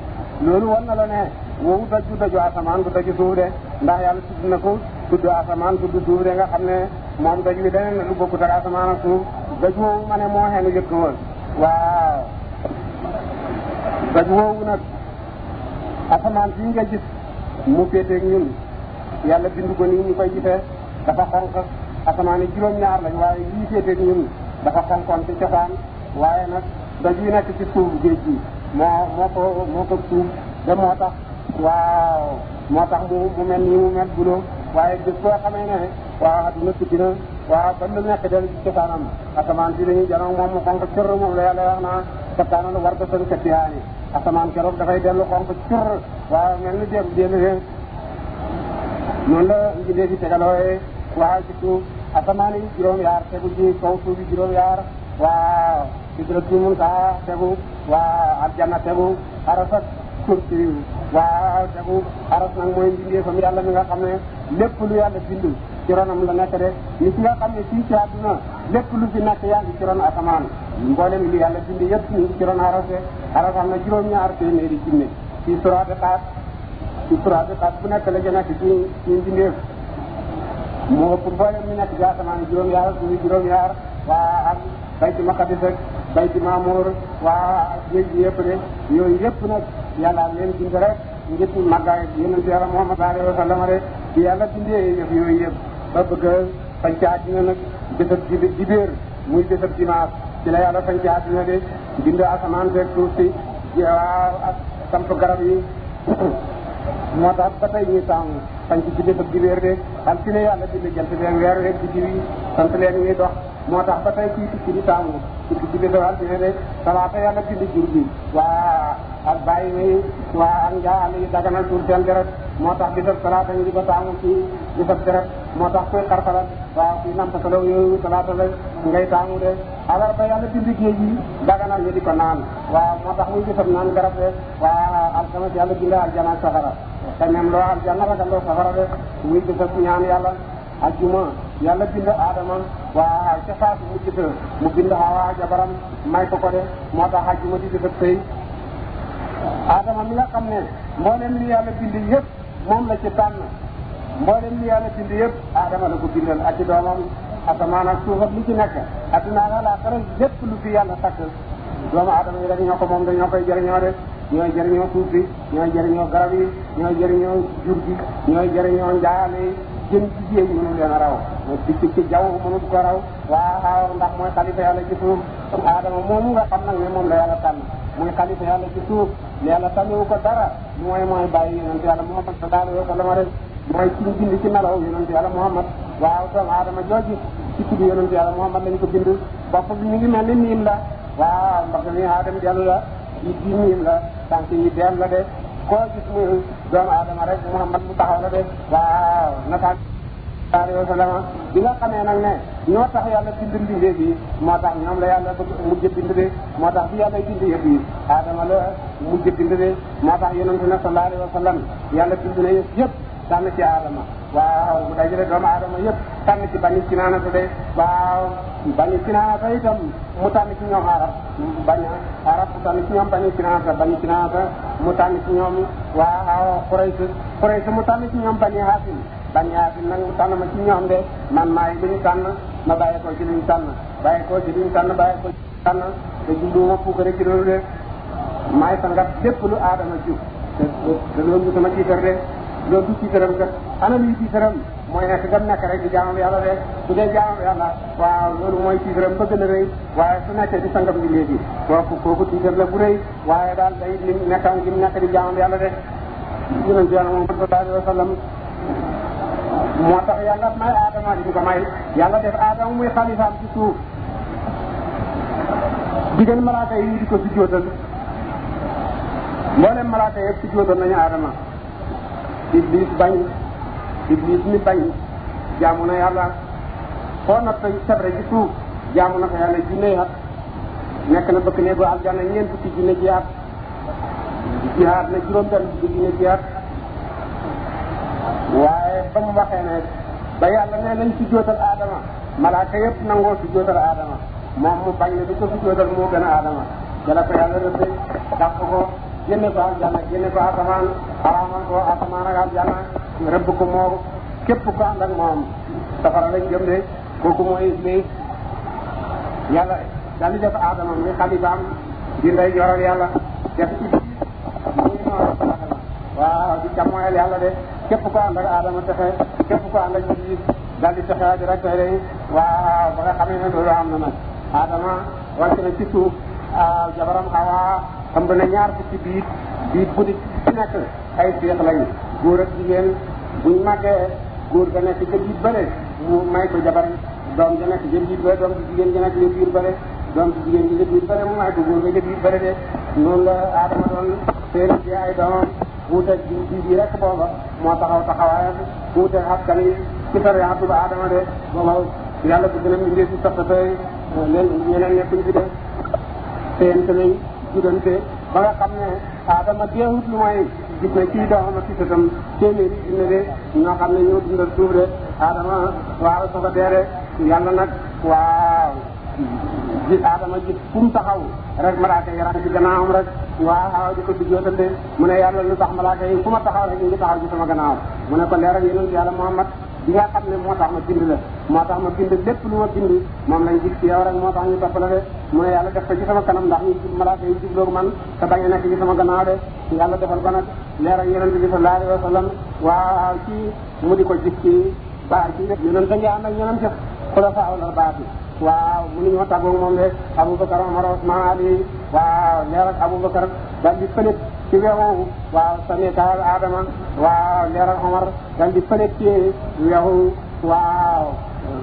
loolu war na la ne woowu doj du doju asamaan du doju suuf de ndax yàlla tudd na ko tudd asamaan tudd suuf de nga xam ne moom doj bi dana lu bokkut ak asamaan ak suuf doj woowu ma ne moo xeenu yëkk woon waaw doj woowu nag asamaan fii nga gis mu féeteeg ñun yàlla bindu ko nii ñu koy gisee dafa xonq asamaan yi juróom-ñaar lañ waaye yii féeteeg ñun dafa xonqoon ci cosaan waaye nag doj nekk ci suuf géej gi moo moo ko moo ko suuf da moo tax waaw moo tax mu mu mel nii mu mel gulo waaye gis boo xamee waa adduna tukki na waa ba lu nekk dellu ci cosaanam asamaan si dañuy janoo moom mu xonk cur moom la yàlla wax naa cosaana la war ba sën ka tiyaani asamaan keroog dafay dellu xonk cur waaw mel ni démb démb he noonu la njindee di tegalooyee waa ci suuf asamaan yi juróom yaar tegu ci kaw suuf yi juróom yaar waa sidratul muntaha tegu waa aljanna tegu arafat waaw tegu aras nag mooy mbindeefam yàlla mi nga xam ne lépp lu yàlla bind ci ronam la nekk de ni si nga ne fii ci àdduna lépp lu fi nekk yaa ngi ci ron asamaan lu yàlla bind yëpp ñu ngi ci ron aras de am na juróom-ñaar téeméeri jinne ci suraat xaat ci suraat xaat bu nekk la ca nekk ci ci mbindeef mu ëpp mboolem mi nekk ci asamaan juróom-ñaar suñu juróom waa ak baytu maqadis bayti maamoor waa géej gi yëpp de yooyu yëpp nag yàlla leen bind rek ngir màggaay yonent yàlla Muhammad alayhi wa sallam rek ci yàlla bindee yëf yooyu yëpp ba bëgg a sañ ci àddina nag bésab dibéer muy bésab dimanche ci la yàlla sañ ci àddina de bind asamaan seeg suuf si waaw ak samp garab yi moo tax ba tey ñuy tàmm sañ ci bésab dibéer de altine yàlla bind jant beeg weer rek ci jiw leen ñuy dox motax tax ba tey kii tukki di tàngu ci ci bisawal dina ne salaata yalla ci di jurbi wa ak bàyyi ni wa ak ja ali daganal tuur seen deret moo tax bisab salaata ñu di ko tàngu ci bisab deret moo tax kuy wa waaw nam ta salaw yu salaata la ngay tàngu de alors ba yàlla bind géej yi daganal ni di ko naan waaw moo tax muy bisab naan garab de waa alxames yàlla bind aljana ak safara te même loo aljana ragal loo safara de muy bisab ñaan yalla yàlla juma yàlla bind aadama waa ca faatu mu gis mu bind xawaa jabaram may ko ko de moo tax xaj ma di def ak sëy aadama mi nga xam ne mboolem li yàlla bind yëpp moom la ci tànn mboolem li yàlla bind yëpp aadama la ko bindal ak ci doomam asamaan ak suuf ak li ci nekk adduna ak àllaaxira lépp lu fi yàlla takk doomu aadama yi rek ñoo ko moom dañoo koy jëriñoo de ñooy jëriñoo suuf bi ñooy jëriñoo garab ñooy jëriñoo jur gi ñooy jëriñoo njaale jën ci jéeg mënu dikk ci jaww mënul ko raw waaw ndax mooy xalifa yàlla ci suuf aadama moomu nga xam nag ne moom la yàlla tànn muy xalifa yàlla ci suuf yàlla tànnewu ko dara mooy mooy bàyyi yonent yàlla Muhammad sallallahu alayhi wa sallam rek mooy ci bind ci nelaw yonent yàlla Muhammad waaw doomu aadama jooju ci tudd yonent yàlla Muhammad lañ ko bind bopp bi mi ngi mel ni niim la waaw ndax ni aadama dellu la yi di niim la tànk yi deel la de koo gis muy doomu aadama rek Muhammad mu taxaw la alayhi wa sallam bi nga xamee nag ne ñoo tax yàlla bind mbindeef yi moo tax ñoom la yàlla mujj bind de moo tax bi yàlla bind yëpp yi aadama la mujj bind de moo tax yonent na sallallahu alayhi wa sallam yàlla bind na yëpp yëpp tànn ci aadama waaw mu dajale doomu aadama yëpp tànn ci bani kinaanata de waaw bani kinaanata itam mu tànn ci ñoom arab baña arab mu tànn ci ñoom bani kinaanata bani kinaanata mu tànn ci ñoom waaw xuraysa xuraysa mu tànn ci ñoom bani haasim banyaa fi nangu tànn ma ci ñoom de man maay li ñu tànn ma bàyyi ko ci li ñu tànn bàyyi ko ci li ñu tànn bàyyi ko ci li ma tànn te jubluwuma puukare ci loolu de maay sa ngat lépp lu aadama jiw te te loolu sama tiitar de loolu du tiitaram kat ana luy tiitaram mooy nekk gam nekk rek di jaamam yàlla de su dee jaamam yàlla waaw loolu mooy tiitaram ba gën a rëy waaye su nekkee di sangam bi léegi kooku kooku tiitar la bu waaye daal day lim nekkam gi mu nekk di jaamam yàlla de yonent yàlla moom sallallahu alayhi wa sallam moo tax yàlla may aadama di ko may yàlla def aadama muy xalifaam ci suuf digal malaaka yi di ko sujjóotal mboolem malaaka yëpp sujjóotal nañu aadama iblis bañ iblis mi bañ jaamu na yàlla foo nat ko sabre ci suuf jaamu na ko yàlla junne at nekk na bëkk néegu aljanna ñeent fukki junne ci at jihaad na juróom benn fukki junne ci at waaye def ba mu waxee ne ba yàlla ne nañ ci jootal aadama malaaka yépp nangoo ci jootal aadama moom mu bañ ne du ko ci jootal moo gën a aadama dala ko yàlla rëbbe dàq ko génne ko aljanna génne ko asamaan araamal ko asamaan ak aljanna rëbb ko moo képp ko ànd ak moom safara lañ jëm de kooku mooy ne yàlla dal di def aadama muy xalibaam di ndey yàlla def waaw di yàlla de képp ku ànd ak aadama texe képp ku ànd ak iblis daal di texe ak rek day waaw ba nga xamee ne loolu am na nag aadama wàcc na ci suuf jabaram Awa xam na ñaar fukki biit biit bu di ci ay féex lañu góor ak jigéen buñ màggee góor ga nekk ca biit bële mu may ko jabar doom ja nekk ca biit bële doom ji jigéen ja nekk ca mu may ko góor ga ca biit bële de noonu la aadama doon seen ci ay doomam wuuteeg ji ji rek booba moo taxaw taxawaayam wuuteeg askan wi ci sariyaatu ba Adama de booba yàlla bëgg na mbindee si soppatee leen ñeneen nekkuñ fi de séente nañ juddante ba nga xam ne Adama teewut lu mooy gis na ci doxam ak ci sëtam téeméeri dina de ñoo xam ne ñoo dundal suuf de Adama waaw soo ko dee de yàlla ji Adama ji fu mu taxaw rek malaaka yi rang ci gannaawam rek waa xaw di ko si jootal de mu ne yàlla lu tax malaaka yi fu ma taxaw rek ñu ngi taxaw ci sama gannaaw mu ne ko leeral yonent yàlla Muhammad bi nga xam moo tax ma bind la moo tax ma bind lépp lu ma moom lañ gis ci yow rek moo tax ñu topp la de mu ne yàlla def ko ci sama kanam ndax ñu jub malaaka yi jubloog man te bañ a nekk ci sama gannaaw de yàlla defal ko nag leeral yonent bi sallallahu alayhi wa sallam waaw ci mu di ko gis ci baa ci yonent nga ànd ak ñeneen jëf xulafaa al arbaati waaw mënuñoo tàggoog moom de Aboubacar Omar Ousmane Ali waaw leer ak Aboubacar dal di fële ci weexu waaw sami taal Adama waaw leer ak Omar dal di ci weexu waaw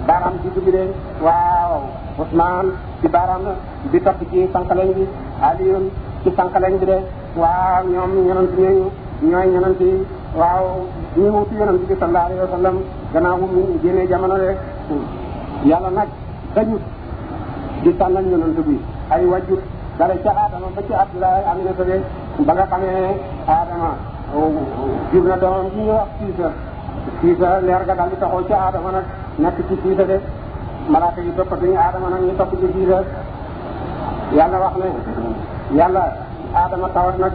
baaraam di dugg de waaw Ousmane ci baaraam bi topp ci sànqaleñ bi Alioune ci sànqaleñ bi de waaw ñoom ñenant ñooñu ñooy ñenant yi waaw ñi wuutu yonent bi sallallahu alayhi mu génnee jamono de yàlla nag dañut di tànnal yonent bi ay wajur dara ca aadama ba ci abdoulaye aminata de ba nga xamee aadama jur na doomam ji ñu wax siisa siisa leer ga daal di taxaw ci aadama nag nekk ci siisa de malaaka yi toppatuñu aadama nag ñu topp ci siisa yàlla wax ne yàlla aadama tawat nag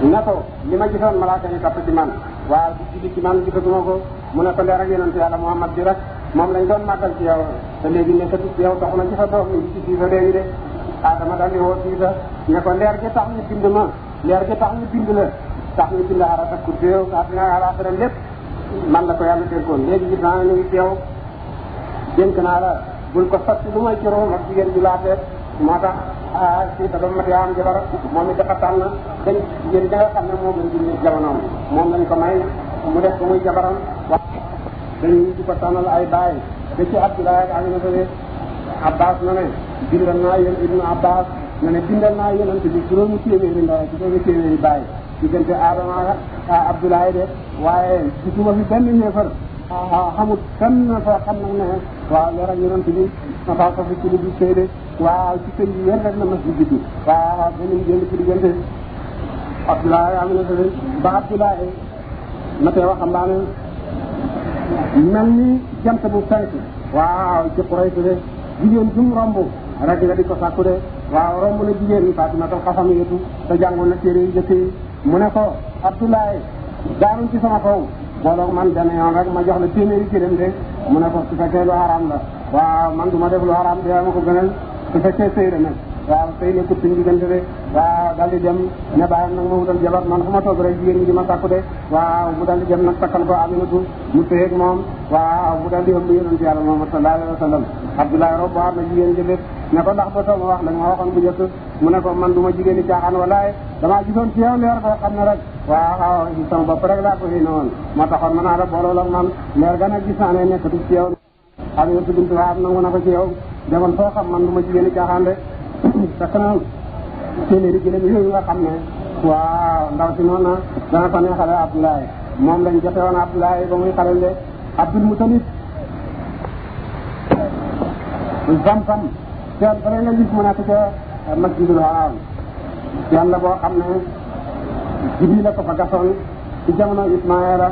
ne ko li ma gisoon topp ci man waaye bu ci man gisatuma ko mu ne ko leer ak yonent yàlla muhammad bi rek moom lañ doon màggal ci yow te léegi nekkatu ci yow taxu na ci sa bopp mi ci fii sa léegi de Adama daal di woo fii sa ne ko leer gi bind ma leer gi tax bind la tax ñu bind xarata ku teew sa man la ko yàlla dénkoon léegi gis naa ne naa la ko sotti lu may ci room ak jigéen bi laatee moo tax ah, moom da nga xam ne moom lañ ko may mu def ko muy jabaram dañu di ko ay baay da ci Abdullah ak Aminata ne Abbas na ne bindal naa yéen ibnu Abbas na ne bindal naa yonent bi juróomi téeméeri ndaw juróomi téeméeri baay diggante Adama ah, de waaye gisuma fi benn ñeefar ah, ah, xamut kenn fa xam nag ne waaw leer ak yonent bi ma faa ko fi ci lu sëy de waaw ci sëy rek na mas di guddi waaw dañu génn ci diggante Abdoulaye Aminata ba Abdoulaye na tee waxambaane mel ni jant bu fenk waaw ci Quraysh de jigéen jum romb rek nga di ko sàkku de waaw romb na jigéen ñi Faatimatul Xasam yëtu te jàngoon na téere yu jëkk mu ne ko Abdoulaye daaruñ ci sama kaw booloog man benn yoon rek ma jox la téeméeri kirim de mu ne ko su fekkee lu haram la waaw man du ma def lu haram de ma ko gënal su fekkee sëy la nag waaw tey nekkul suñu diggante de waaw daal di dem ne bàyyam nag ma wutal jabar man fu ma toog rek jigéen ñi di ma sàkku de waaw mu daal di dem nag takkal ko aminatu mu sëyeeg moom waaw mu daal di ëmb yonent yàlla moom sallallahu alayhi wa sallam abdoulaye rob waar jigéen jëfet ne ko ndax ba tooma wax la ma waxoon bu njëkk mu ne ko man du ma jigéen di caaxaan walaay damaa gisoon ci yow leer boo xam ne rek waaw waaw sama bopp rek laa ko xëy na naa la booloo ak man leer ga nag gis naa ne ko ci man du ma jigéen di fekk na téeméeri gëlëm yooyu nga xam ne waaw ndaw si noonu na dana ko neexale Abdoulaye moom lañ jote woon Abdoulaye ba muy xalal de Abdul Mutalib zam-zam te bare nga gis mu nekk ca masjidul haram yàlla boo xam ne jibi la ko fa gasoon ci jamono Ismaayila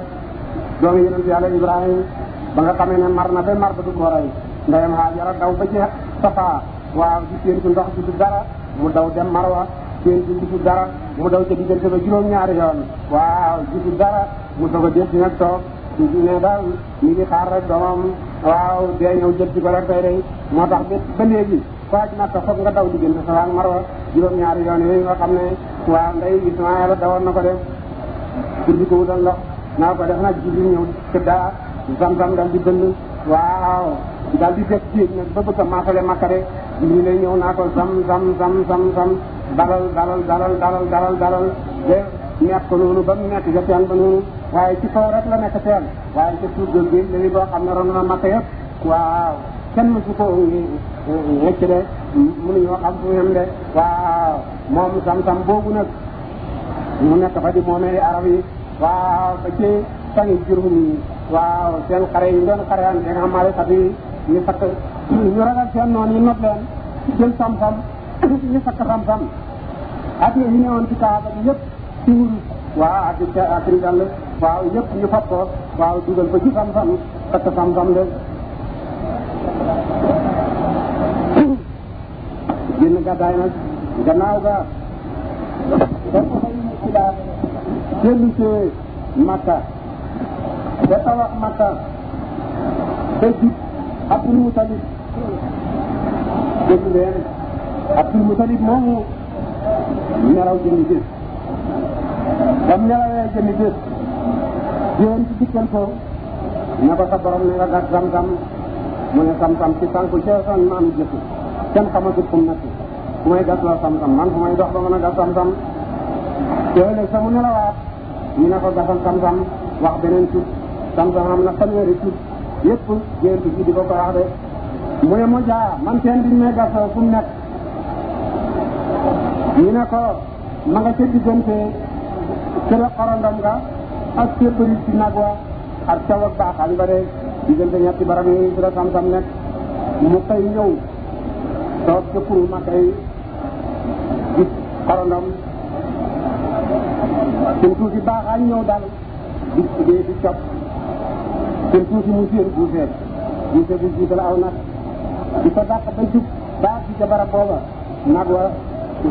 doomu yonent yàlla Ibrahima ba nga xamee ne mar na ba mar ba du ko rey ndeyam Haajara daw ba waaw di séentu ndox bi du dara mu daw dem marwa séentu gisu dara mu daw ca diggante ba juróom-ñaari yoon waaw gisu dara mu soog a def si nag toog di ne daal mi ngi xaar rek doomam waaw dee ñëw jël ci ko rek tey day moo tax ba ba léegi faaj nag foog nga daw diggante Safa ak Marwa juróom-ñaari yoon yooyu nga xam ne waaw nday Ismaayla dawoon na ko def pour di ko wutal ndox naa ko def nag jibi ñëw tëddaa zam-zam dal di bënn waaw daal di fekk ci nag ba bëgg a maasale makare ñu ne ñëw naa ko zam zam zam zam zam dalal dalal dalal de nekk ko noonu ba mu nekk ja teen ba noonu waaye ci kaw la nekk teen waaye ca suuf ga géej la boo xam ne ron na makka yëpp waaw kenn mësu ko wecc de de waaw moom sam-sam boobu nekk fa di moomee arab yi waaw ba ci fan yi juróom yi waaw seen xare yi doon xare an ñu fakk ñu ragal seen noonu ñu not leen jël sam ñu fakk sam ak yi ne woon ci saaba bi yëpp ci wuru waaw ak ak dall waaw yëpp ñu fab waaw dugal ko ci sam-sam fakk sam-sam la génn nag gannaaw ga ci daal dellu see Makka ba tawax Makka ba jub Abdul Moutalib dégg leen ya. Abdul Moutalib moomu nelaw jëmi bés ba mu nelawee jëmi bés jéem ci dikkal ko na ko sa borom mu ne sam-sam ci tànku ca san maam jëkk kan xamatul fu mu nekk may la sam-sam man fu may dox ba sam-sam yooyu sa mu nelawaat ñu ko sam-sam wax beneen sam-sam am na lépp gént gi di ko ko wax mu ne mu jaa man seen nekk ñu ne ko ma nga ca diggante kër xorondom nga nag wa ak ba de diggante ñetti barab yi ci la sam-sam nekk mu koy ñëw toog ma koy gis xorondom suñ tuuti baaxaan ñëw daal gis di cop kon tuuti mu seen mu seen ñu sa gis jiital aw nag di fa dàq ba jub baa ci ca barab booba nag wa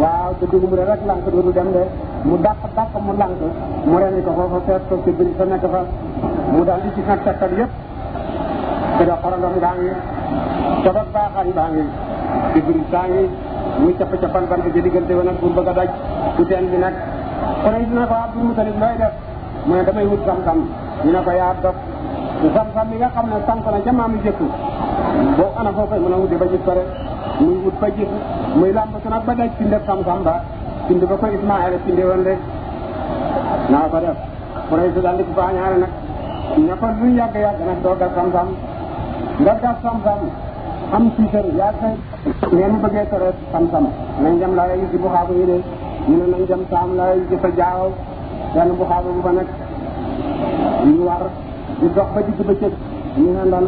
waaw te dugg mu ne rek lank du dem de mu dàq dàq mu lank mu reni ko foofa feet ko ci biir fa nekk fa mu daal di ci nag tegtal yépp te da xorongam gaa ngi sabab baaxaan baa ngi ci biir saa ngi muy cappan bant ci diggante wa nag pour daj ku teen bi nag kon dina ko abdul mutalib looy def mu ne damay wut xam-xam ñu ne ko yaa dox zam-zam bi nga xam ne sànq na ca maam jëkku boo ana foo koy mën a wuti ba gis pare muy wut ba gis muy làmbatu nag ba daj pindeb sam-sam ba pind ba ko Ismaayla pinde woon rek naa ko def Quraysh daal di ko baañaare nag ne ko lu yàgg yàgg nag doo gas sam-sam nga gas sam-sam am tiitar yaa ngi koy ngeen bëggee tere sam-sam nañ dem laa yu si bu xaabu yi de ñu ne nañ dem saam laa yu si fa jaaw benn bu di dox ba digg bëccëg ñu ngi doon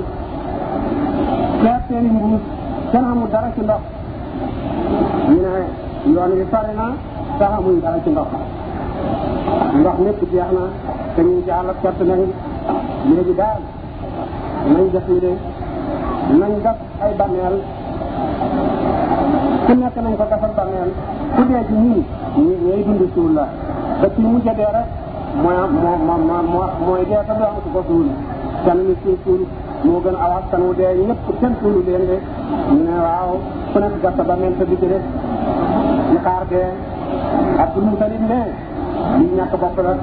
seet seen i mbuus kenn amul dara ci ndox ñu ne yoon wi sori na sax amuñ dara ci ndox ndox lépp jeex na te ñun ci àll cott nañ léegi daal nañ def ñu de nañ def ay bàmmeel ku dee ci ñii ñooy dund suul la ba ci mujj dee moo moo moo moo mooy dee te doomu si ko suul kan mi si moo gën aw askan wu dee ñëpp kenn suulu leen de ne waaw ku nekk gerte ba mel te di jëlee di xaar dee Abdul Mutalib ne li ñàkk bopp la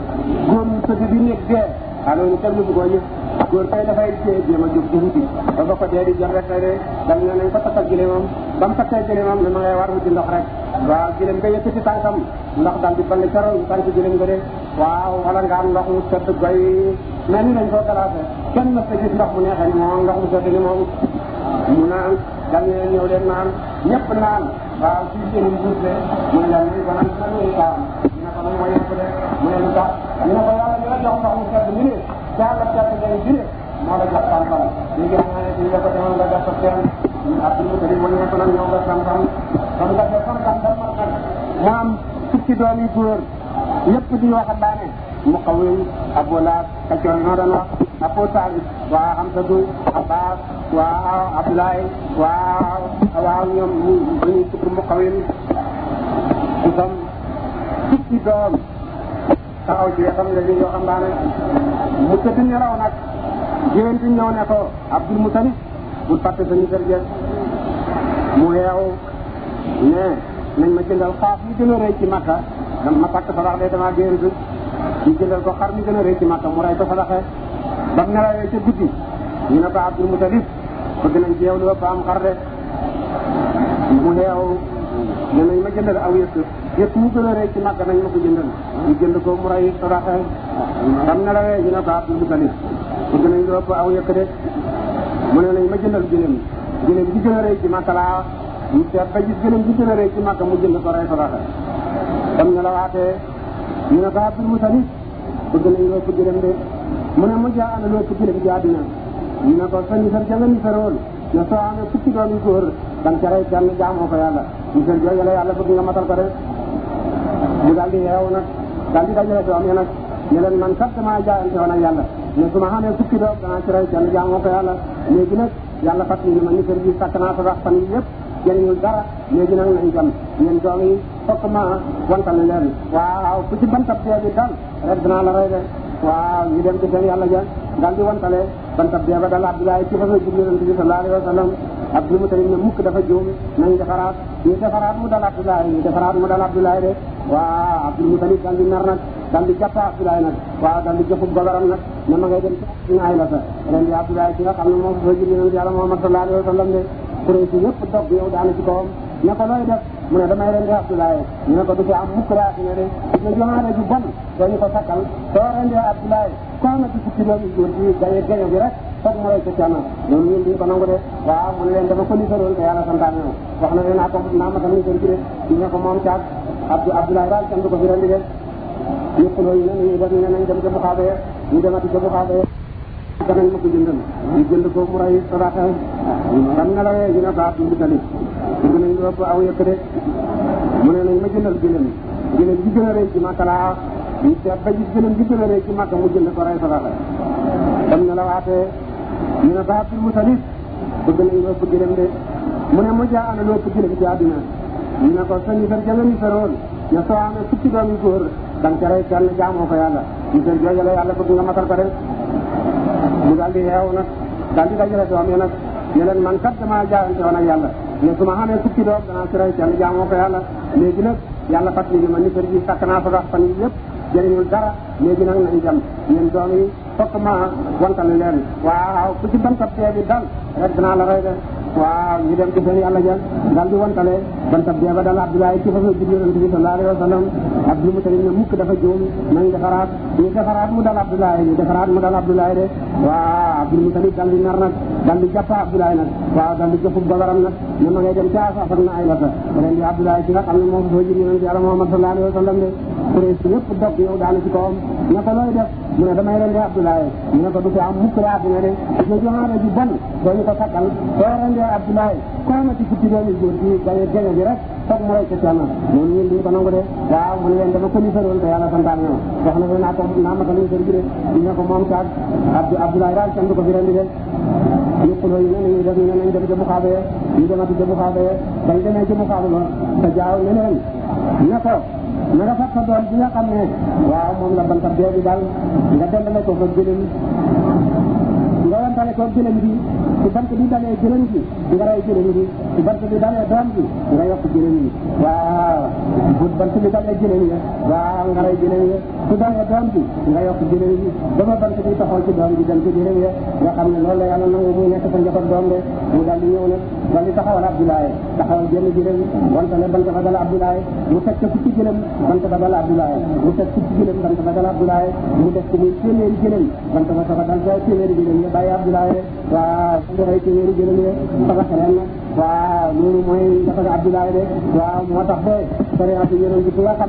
góor ñu tëdd di nekk dee alors ñu kenn mësu ko yëg góor kay dafay cee jéem a jóg di ba ba ko dee di jot rek rek de dañ ne nañ ko takkal gileemam ba mu takkee gileemam ne ma war wuti ndox rek waaw gileem nga yëkkati tànkam ndox daal di balle ca roon tànk gileem nga de waaw wala nga am ndox mu sedd goy mel ni dañ koo classé kenn la gis ndox mu neexee ni moom ndox mu sedd ni moom mu naan dal ne ñëw leen naan ñëpp naan waaw ci seen mbuusle mu ne dal ni banaan sa nuyu saam ñu ne ko nu mooy yëpp de mu ne lu tax ñu ne ko yàlla ñu la jox ndox mu sedd ni ne yàlla sedd day bi ne moo la jox santam ñu gën naa ne fii la ko demal nga def sa seen ak ñu ko di wëñee ko nag ñëw nga santam kon nga def santam dal ma nag mu am doom yu góor ñëpp di waxambaane mu xawee Abu Lahab kaccoor ñoo doon wax Abu Taalib waaw Hamsatu Abbas waaw Abdoulaye waaw waaw ñoom ñu mu xawee ku sam fukki doom taxaw ci wetam la ñuy waxambaane mu tëdd nelaw nag jigéen bi ñëw ne ko Abdul Mutalib sa nitar mu yeewu ne nañ ma jëndal xaaf ci Makka man ma takk fadax de damaa géer bi ñu jëndal ko xar mi gën a rëy ci Makka mu rey ko fadaxee ba nelawee ca guddi ñu ne ko Abdul Mutalib mu xeew ne ma jëndal a rëy ci Makka nañ ma ko jëndal ñu jënd ko mu rey fadaxee ba nelawee ñu ne ko Abdul Mutalib bëgg nañ li ba aw yëpp de mu ne nañ ma jëndal gëlëm gëlëm gi gën a rëy ci Makka laa ñu seet ba gis gëlëm gi gën a rëy ci Makka mu jënd ko rey fadaxee bam ne la waatee ñu ne ba bur mu tamit bëgg nañ loo ko jëlem de mu ne mu jaa ana loo ko jaa dina ñu ne ko sa nisar ja nga nisaroon ne soo amee fukki doom yu góor dan ca rey kenn jaamoo ko yàlla nisar jooju la yàlla bëgg nga matal ko de mu daal di yeew nag daal di dajale doom yi nag ne leen man kat damaa jaayante woon ak yàlla ma xamee fukki doom danaa ci rey kenn jaamoo ko yàlla léegi nag yàlla fàttali ma nisar ji sàkk sa wax fan yi yëpp dara léegi nag nañ jam ñeen doom fokk ma ci banta bee bi dal rek dinaa la rey de waaw dem ci seen yàlla ja daal di wantale banta ba dal Abdoulaye ci fa nga jublu yonent bi sallallahu alayhi wa sallam Abdou Moutalib ne mukk dafa juum nañu defaraat ñu defaraat mu dal Abdoulaye ñu defaraat mu dal Abdoulaye de waaw Abdou Moutalib daal di nar nag daal di jàpp Abdoulaye nag waaw daal di jëfu gogaram nag ne ma ngay dem ci ay la sa ren di Abdoulaye ci nga xam ne moom fa jublu yonent yàlla Muhammad sallallahu alayhi wa sallam mu ne damay rendi Abdoulaye ñu ne ko du fi am mukk laa fi ne de ñu joxaane ju bon dañu ko sakkal soo rendee Abdoulaye soo na ci fukki doomi góor bi gañe gañe bi rek foog mu rey ko coono ñoom ñun duñ ko nangu de waaw mu ne leen dama ko lisaroon te yàlla santaane na wax na leen akom naa ma tam lisar ci de ñu ne ko moom caag Abdou Abdoulaye daal kenn du ko fi rendi de yëpp loolu ñu ne ñu dem ñu ne nañ dem ca Muxaaba ya ñu demati ca Muxaaba ya danañ ma ko jëndal ñu jënd ko mu rey sadaka ah, kan nga la ñu ne baax mu tali dugg nañ lu ëpp aw yëkk de mu ne nañ ma jëndal gëlëm gëlëm gi gën a rëy ci màkka laa ñu seet ba gis gëlëm gi gën a rëy ci màkka mu jënd ko rey sadaka dam na la waatee ñu ne baax mu tali bëgg nañ lu ëpp gëlëm de mu ne mu jaa ana lu ëpp gëlëm ci àddina ñu ne ko sa nisar ja nga nisaroon ne soo amee fukki doom yu góor da nga ca rey kenn jaamoo ko yàlla nisar jooju la yàlla bëgg nga matal ko de mu daal di nag daal di dajale nag ne leen man kat damaa jaayante woon ak yàlla ne su ma xamee fukki doom danaa si rey kenn jaamoo ko yàlla nag yàlla fat ni ma ni kër gi sàkk naa fa wax dara léegi nag nañ dem ñun doom yi ma wantal leen waaw ku ci bantab tee bi dal rek dinaa la rey de waaw ñu dem ci seen yàlla ja daal di wantale bantab dee ba dal Abdoulaye ci fafa jub yonent bi sallallahu alayhi wa sallam mukk dafa juum nañ defaraat ñu defaraat mu dal Abdoulaye ñu defaraat mu dal Abdoulaye de waaw Abdul Mutalib daal di nar nag daal di jàpp Abdoulaye nag waaw daal di jëfub gobaram nag ne ma ngay dem ca sax ak na ay lata ma leen di Abdoulaye ci nga xam ne moo fa jub yonent yàlla Muhammad sallallahu alayhi de kuréel yëpp dog yow daanu ci kawam ne ko looy def mu ne damay rendi Abdoulaye mu ne ko du fi am mukk laa dina de nga joxaare ju bon doo ñu ko sakkal soo rendee Abdoulaye koo ma ci fukki doomi góor gi a rek foog mu rey ca coono moom ñun duñu ko nangu de waaw mu ne leen dama ko lifaroon te yàlla santaan na wax na ko naa ko naa ma ko lifar bi de dina ko moom kaag Abdou Abdoulaye daal kenn du ko fi rendi de ñëpp loolu ñu ne nañu def ñu ne nañ dem jëmu xaaba ya ñu demati jëmu xaaba ne leen ne ko nga rafet sa doom bi nga xam ne la banta bee bi daal nga dendale ko fa nga war a dalee ko jëlem bi su bant bi dalee jëlem bi nga rey jëlem bi su bant bi dalee doom bi nga yokk jëlem bi waaw bu bant bi dalee jëlem bi waaw nga rey jëlem bi su dalee doom bi nga yokk jëlem bi ba ba bant bi taxaw ci doom bi dem ci jëlem ya nga xam ne loolu la yàlla nangu muy nekk sa njaboot doom de mu daal di ñëw nag daal di taxawal Abdoulaye taxawal jënd jëlem wante ne bant ba dal Abdoulaye mu fekk fukki jëlem bant ba dal Abdoulaye mu fekk fukki jëlem bant ba dal Abdoulaye mu def ko muy téeméeri jëlem bant ba dal téeméeri jëlem bàyyi Abdoulaye waaw su doxee ci wéeru gëlëm ye dafa xelal na waaw loolu mooy dafa ga Abdoulaye de waaw moo tax ba sariatu yonent bi nga bi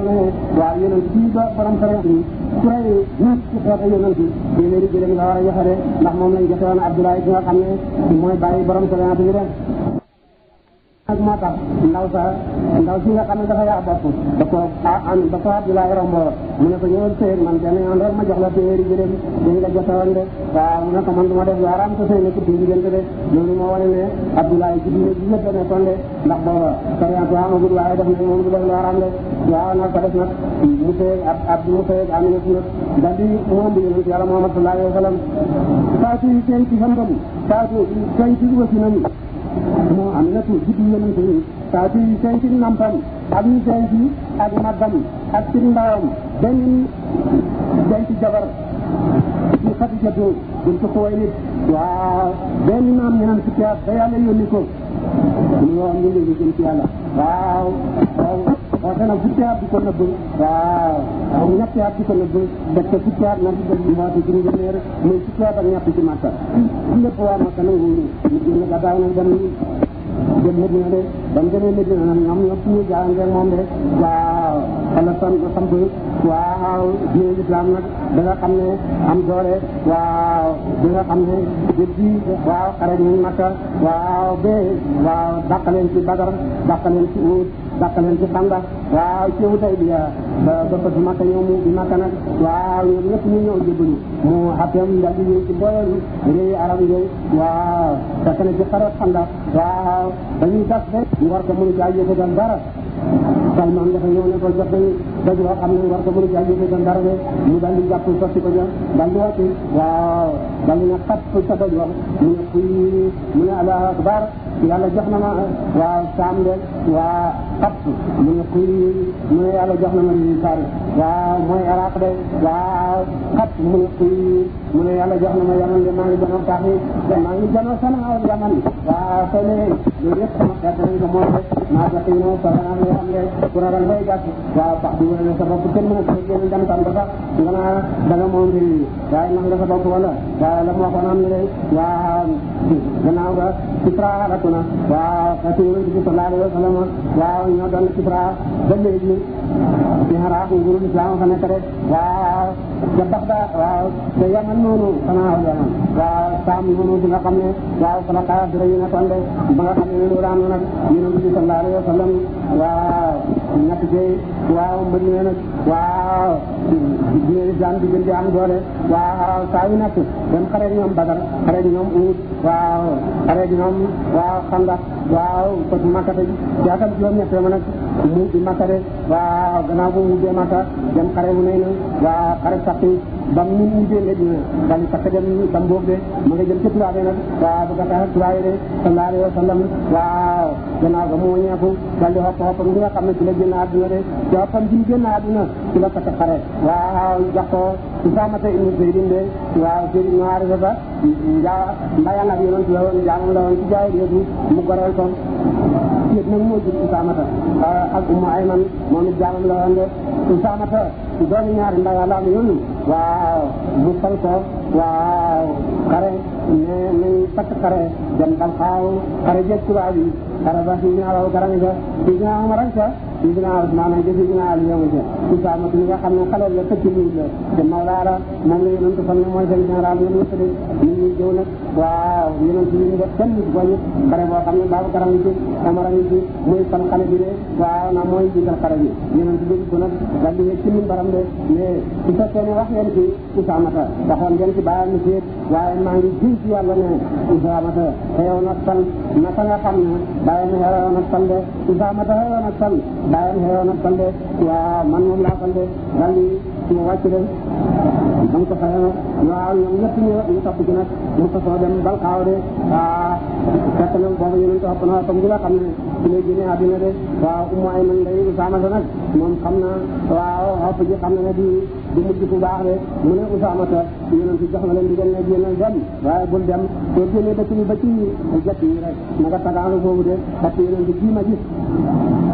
ba borom sariat yi ku rey nit ci xeetu yonent bi ci wéeru gëlëm la war a joxe de ak moo tax ndaw sa ndaw si nga xam ne dafa yaa bopp da ko ànd da ko Abdoulaye rombo mu ne ko ñëwal sëy man benn yoon rek ma jox la téeméeri jërëm dañ la jotoon de waaw mu ne ko man du ma def yaaraam sa sëy ne ci diggante de loolu moo wane ne Abdoulaye ci diine ji yëpp ne kon de ndax booba sariante amagul waaye def nañ moom du def yaaraam de waaw nag ko def nag mu sëy ak ab mu sëy ak Aminata nag dal di moom bi yonent yàlla Muhammad sallallahu alayhi wa sallam saa si seen ci xambam saa si seen ci wasi nañu moo am na tuuti juddu yonent yi saa bi ñu seen ci nampam ak ñu seen ci ak màggam ak ci ndawam dañuy jabar ci Xadijatu bintu Xuwaylid waaw benn naam ñeneen si teer ba yàlla yónni ko ñu ngi jëm ci yàlla waaw waaw dana fukki at di ko nëbb waaw waaw ñetti at di ko nëbb def ko fukki at nag def mois de juillet muy fukki at ak ñett ci Makka lépp waa Makka nangu ñu génn gàddaay nañ dem jëm Medina de ba mu demee Medina nag ñoom ñëpp ñu jaayante moom de waaw xala sam waaw diine islam nag da nga xam ne am doole waaw da nga xam ne jëppi waaw xare ñu Makka waaw ba waaw dàqaleen ci Badar dàqaleen ci Uhud dàqaleen ci Bamba waaw ci wu tey bi ba ba su Makka ñëw mu bi Makka nag waaw ñoom ñëpp ñu ñëw jébbalu mu xàtteem daal di ñëw ci mbooleelu réewi arab yooyu waaw fekk na ci xarat xanda waaw dañuy gas rek ñu war ko mënu jaay yëpp dal dara Salman dafa ñëw ne ko jox dañu daj loo xam ne war ko mënu jaay yëpp dal dara de mu daal di jàpp sotti ko jox daal di wàcc waaw daal di ne xat sa daj wax yàlla jox na ma waa Saam de waa mu ne kuy mu ne jox na ma lii Saari waa mooy Iraq de waa Fap mu ne kuy mu ne yàlla jox na ma yaman de maa ngi janoo Saam de maa ngi janoo yaman waa soo ne loolu yëpp sama xeet nañ ko moom de maa jox yi noonu sama naa lay xam de ku ragal bay gàtt waa Fap sa bopp kenn a tëj génn ba sax nga naa da nga moom mbir yi waaye nax nga sa bopp wala waa la na waaw xeetu yonent bi sallallahu alayhi wa sallam waaw ñoo doon Kisra ba léegi ci xaraaf nguuru islam fa nekk rek waaw ca Baxda waaw te yaman noonu nga xam ne waaw fala xaa dara yi na tonde ba nga na nag yonent bi sallallahu alayhi wa sallam waaw ñett waa diine islam di gën am doole waa saa yu nekk dem xare ñoom Badar xare ñoom Uhud waaw xare ñoom waaw Xandaq waaw koti Makka te jaatal juróom-ñett ma nag mu di Makka bu mujjee Makka mu ne waaw xare Saqif ba mu di nga dina dali sakk dem dam boobu de ma nga jëm ci tubaab nag waaw bu ko taxee de sallallahu alayhi wa sallam waaw gannaaw ba mu wàññeeku dal di nga xam ne ci la génn àdduna de ci xoppam ji génn àdduna ci la ko xare waaw jàppoo Usaamata ibnu Zaydin de waaw Zayd ibnu Haarisa ba njaa mbayaan ak yonent la woon jaamam la woon ci jaay réew mi mu goreel ko yëpp nag moo jur Usaamata ak Ummu Ayman moom it jaamam la woon de Usaamata ko waaw xare ne nañ fat xare dem dal xaaw xare jëg tubaab yi ba si ginnaaw garami ga si ginnaaw maran sa sidina Usmaan ci sidina Ali yemu ca Usaama mi nga xam ne xale la fekk lii la te Mawlaa la moom la yonent fan mooy seen général yéen ñëpp de ñu ñuy jëw nag waaw yonent yi ñu def kenn nit ko bare boo xam ne Babacar a ngi ci Omar a ngi ci muy fan xale bi de waaw na mooy jiital xale bi yonent bi ko nag daal di ci min baram de mais su fekkee ne wax ngeen ci Usaama ta waxoon ngeen ci bàyyam ci waaye maa ngi jiw ci yàlla ne Usaama ta na ak fan naka nga xam ne bàyyam xeyoon ak fan de Usaama ta xeyoon ak fan bàyyam xewoon ak sant waaw man moom laa sant daal di mu wàcc leen ba mu ko xayma waaw ñoom ñëpp ñu ñu topp ci nag mu sosoo dem Balxaaw de waaw fekk na boobu yéen a ngi topp na comme bi nga xam ne su lay génnee àddina de waaw ummu ay man day Usaama sa nag moom xam na waaw xopp ji xam na ne di di mujj bu baax de mu ne Usaama sa yéen a ngi jox ma leen di dem ne génn dem waaye bul dem soo génnee dëkk bi ba ci jot yi rek na nga tagaalu boobu de parce que yéen a ngi ji ma gis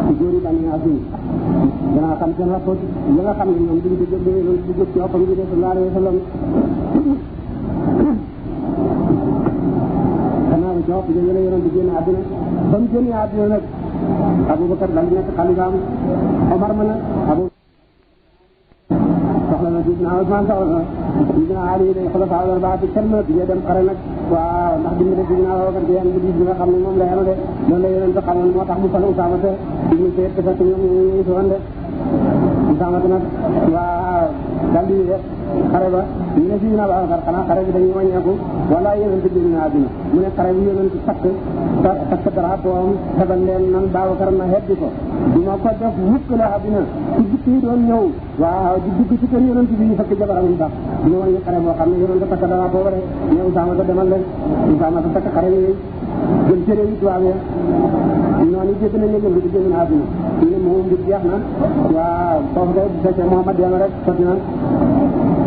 ci góor yi bànneex yi gannaaw xam seen rapport yi nga xam ne ñoom duñ ko jëm dee loolu bu jóg ci waxam bi sallallahu alayhi wa sallam xanaa ba di génn àdduna ba mu génnee àdduna nag Aboubacar daal di nekk xalifaam Omar ma nag Abou soxla na gis naa Ousmane soxla na Ali day xulafaa wala baa fi kenn mënatu jee dem xare nag waaw ndax bi mu def gis naa Aboubacar di yan bi nga xam ne moom la yanu de loolu la yoroon tax si nag waaw dal di def xare ba ñu ne si ginnaaw Abubakar xanaa xare bi dañuy wàññeeku wala yonent bi génn na àdduna mu ne xare bi yonent takk takk drapeau am tebal leen nan Babacar na xeddi ko du ma ko def mukk la àdduna ci jikko yi doon ñëw waaw di dugg ci kër yonent bi ñu fekk jabaram sax du ma wàññi xare boo xam ne yonent takk drapeau ba rek ñëw Usaama ko demal leen Usaama ko takk xare yooyu jëm ci réew yi tubaab ya noonu jëgg nañ la jëm di génn àdduna ñu ne moom mbir jeex na waaw foofu de bu fekkee Mouhamad yema rek sot na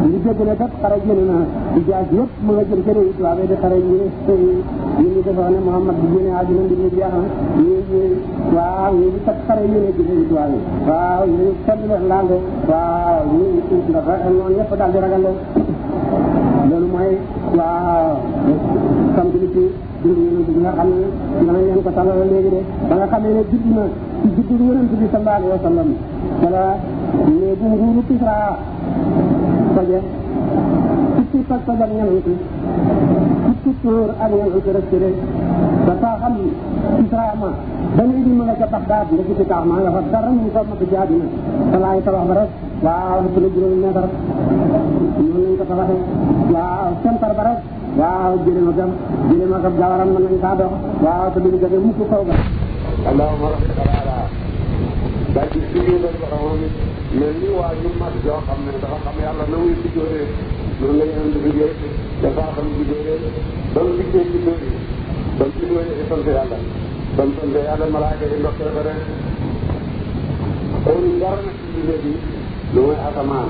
ñu dégg ne kat xare génn na di jaaj yëpp mu nga jëm ci réew yi tubaab ya di xare ñu ne ñu ngi defoon ne Mouhamad bu génnee àdduna mbir mi jeex na ñu ñu waaw ñu ngi tag xare ñu ne ci réew yi tubaab yi waaw ñu kenn leen laal de waaw ñu ndax noonu ñëpp daal di ragal de loolu mooy waaw kon bi ci dundu yonent yang nga xam ne dina leen ko talal léegi de ba nga xamee ne judd na ci juddu yonent bi sallallahu alayhi wa sallam ne bu nguuru Kisra toje fukki ci tour ak ci rek rek ta xam ma ba ñu di mëna ca Bagdad nga ci tax ma nga fa dara ñu ko mëna jaadu na salaay tabax ba rek waaw ci lu ñu ñu ko waaw ba rek waaw jëlee ma gëm jëlee ma gëm gawaram mën nañ kaa waaw te duñu jóge mukk kaw ga. allahumma rabbi xalaala ba ci suñu doon waxoon mel ni waa ñu joo xam ne dafa xam yàlla na muy liggéeyee noonu la ñu andi liggéey dafa xam liggéeyee ba mu liggéey ci dóor yi ba mu liggéeyee ci sant yàlla ba mu sant yàlla malaaka yi ndokkee ko rek amul dara nag ci liggéey bi lu muy asamaan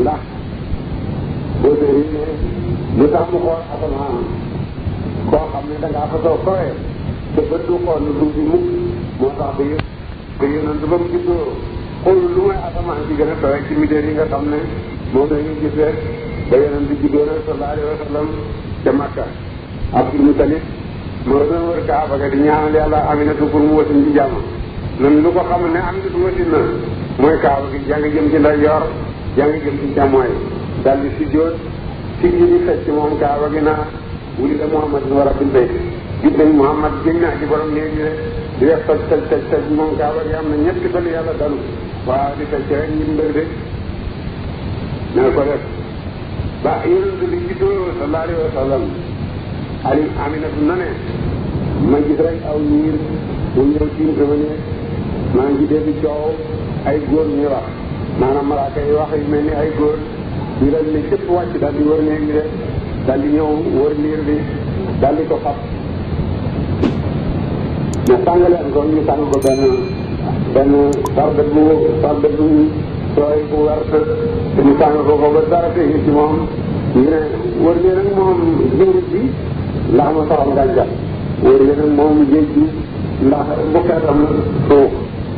ndax boo déggee lu tax mu xool asamaan koo xam ne da ngaa fa soo koy te bët du xool lu duuti mukk moo tax ba yëpp te yonent ba mu juddoo xoolul lu mooy asamaan ci gën a tawee ci mideer yi nga xam ne moom la ñuy gis rek ba yonent bi juddoo nag sallallahu alayhi wa sallam ca si Abdul Mutalib moo doon wër Kaaba ga di ñaanal yàlla Aminatu pour mu wasin ci jàmm nan lu ko xam ne am na du wasin na mooy Kaaba gi yaa ngi jëm ci ndeyjoor yaa ngi jëm ci càmmooñ daal si jóot tigli di fecc moom kaaba naa wuli la Muhammad wa rabbil bayt gis nañ Muhammad gën naa ci borom léegi rek di def toj toj toj am na ñetti bëli yàlla dalu waaw di fecc rek ñu mbër de na ko def ba yonent bi juddoo sallallahu alayhi wa sallam ali aminatu na ne ma gis aw ñiir mu ñëw tiim sama ne maa ngi dégg coow ay góor ñuy wax maanaam malaaka yi wax ni ay góor ñu daal ne képp wàcc daal di wër néeg bi de daal di ñëw wër niir bi daal ko fab ñu tàngaleen ko ñu tàng ko benn benn sarde bu sarde bu sooy bu wert ñu tàng ko ko ba dara téye ci moom ñu ne wër leen ak ma soxal gàncax wër leen ak moom géej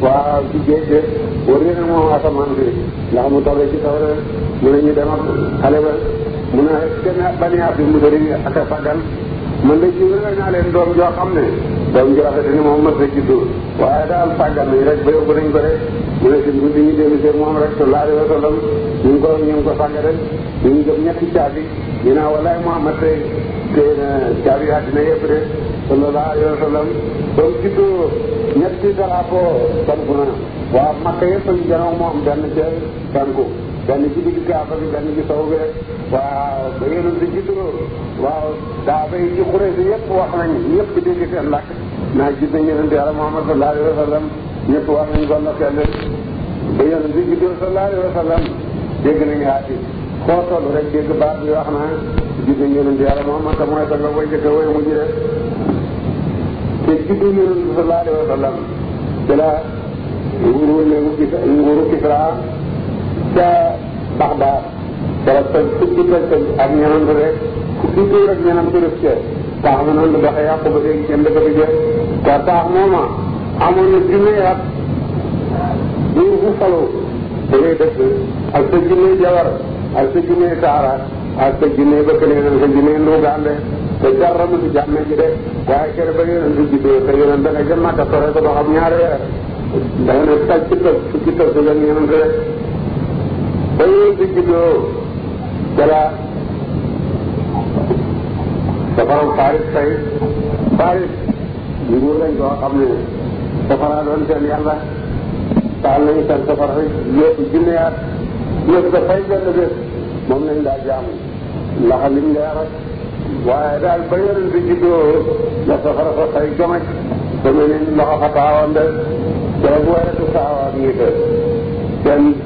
waa ci géej de wëree na moom asamaan bi mu toll ci taw rek mu ne ñu dem ak xale ba mu ne kenn bani abdi mu dëri ak a sagal man de jiw naa leen doom joo xam ne doom ji rafet ni moom mës na juddu waaye daal tàggal nañ rek ba yóbbu nañ ko mu ne si guddi ñu dellu see moom rek sallallahu alayhi wa sallam ñu ngi ko ñu ngi ko sànge rek ñu ngi jëm ñetti caabi ñu naa walaay Muhammad tey tey na caabi àddina yëpp de sallallahu alayhi wa sallam ba mu juddoo ñetti darapo tànku na waa Makka yëpp ñu janoo moom benn ca tànku benn ci digg Kaaba bi benn ci sow bi rek waaw ba yéen di gis loolu waaw daa bay ci Xuraysi yëpp wax nañ ñëpp di dégg seen làkk naa gis nañ yonent yàlla Muhammad sallallahu alayhi wa sallam ñëpp wax nañ ko ndokkeel ba yonent di juddoo sallallahu alayhi wa sallam dégg nañ xaati foo toll rek dégg baat bi wax naa gis nañ yonent yàlla Muhammad te mooy da nga way jëkk way mujj rek te juddu yonent bi sallallahu alayhi wa sallam ci la nguuru léegu Kisra nguuru Kisra ca Baxdaad wala sa diggal sa ak ñanantu rek ku diggal ak ñanantu def ca taax ma noonu la doxee yàq ba léegi kenn dafa ko jël te taax mooma amoon na junne yàq buur bu faloo da ngay dëkk ak sa junne jawar ak sa junne taara ak sa junne bëkk nee ak sa junne ndugaande te dara mu ci jàmme ji de waaye kër ba ngeen di juddoo te ngeen da nga jëm màkka sore ko ba xam ñaari weer da nga ne taj ci tëb fukki tëb si ngeen ngeen rek ba yonent bi juddoo jala safaram Faris tey Faris nguur lañ koo xam ne safara doon seen yàlla taal nañu seen safara yépp junneyaat yépp da fay benn bés moom lañ daa jaamu ndax liñ leer ak waaye daal ba yonent bi juddoo la safara sa fay jomaj te mel ni loxo fa taawoon de dara bu waratu ngi te seen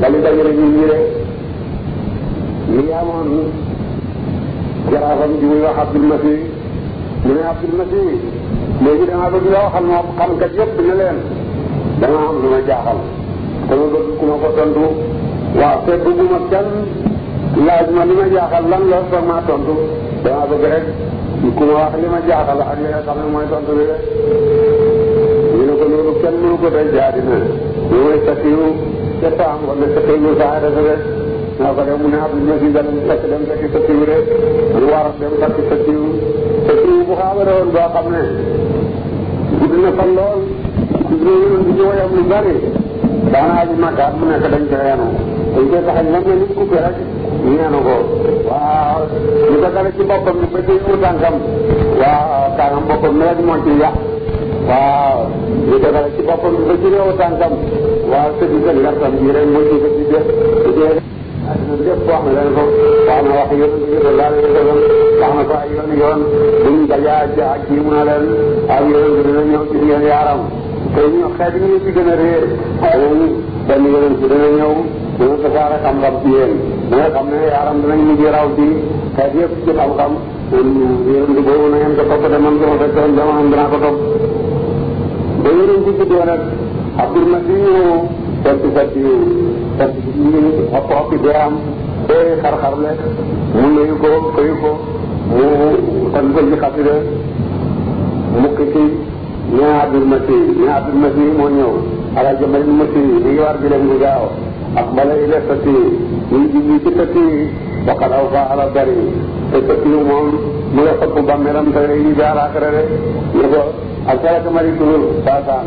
dañu dajale ñu ñu ne li amoon jaraafam ji muy wax Abdul Masih mu ne Abdul Masih léegi damaa bëgg nga waxal ma xamkat yëpp ne leen dama am lu ma jaaxal te ma bëgg ku ma ko tontu waaw te bëgguma kenn laaj ma li ma jaaxal lan la soog maa tontu damaa bëgg rek ku ma wax li ma jaaxal ak li nga xam ne mooy tontu bi rek ñu ne ko loolu kenn mënu ko tey jaadina lu may tasiyu dafa am nga ko def mu ne am na ñu dem fekk dem sa jiw rek lu war a dem fekk sa jiw sa jiw bu xaabare woon boo xam ne gudd na fan lool gudd na yoon bi ñëwoyam lu bari daanaa ji màkk at mu nekk dañ koy yenu dañ koy taxañ lam ne nit coupé ni ba jëy mu tànkam waaw tànkam boppam rek moo ci yàq waaw ñu ko dara ci boppam ni ba jëy mu tànkam وسجد لنفسه الى الملك مسجده واحنا لهم وانا وحيد في الله لهم واحنا فايون يوم من بياج حكيمنا لهم او يوم من يوم كريم يعلم فإني خادمي في جنرير أولي بني يوم كريم يوم من سفارة كم ربيين من كم يعلم من يجي راودي هذه في كم كم يوم يقولون يوم كتب من كتب من كتب من كتب من كتب Abdulmasihu fekk fekk fekk ñu ngi xopp xoppi diraam ba xar la mu nuyu ko fayu ko mu tàggal ci xasida mu kii ñu Abdulmasihu ñu Abdulmasihu moo ñëw ala jamal masihi mi ngi war bi leen di gaaw ak bala ila fatihi ñu ngi jublu ci fatihi waqad awfa ala dari te fatihi moom mu nga xëpp bàmmeelam te ñu jaar rek ñu ko ak salaka mari tuur baasaan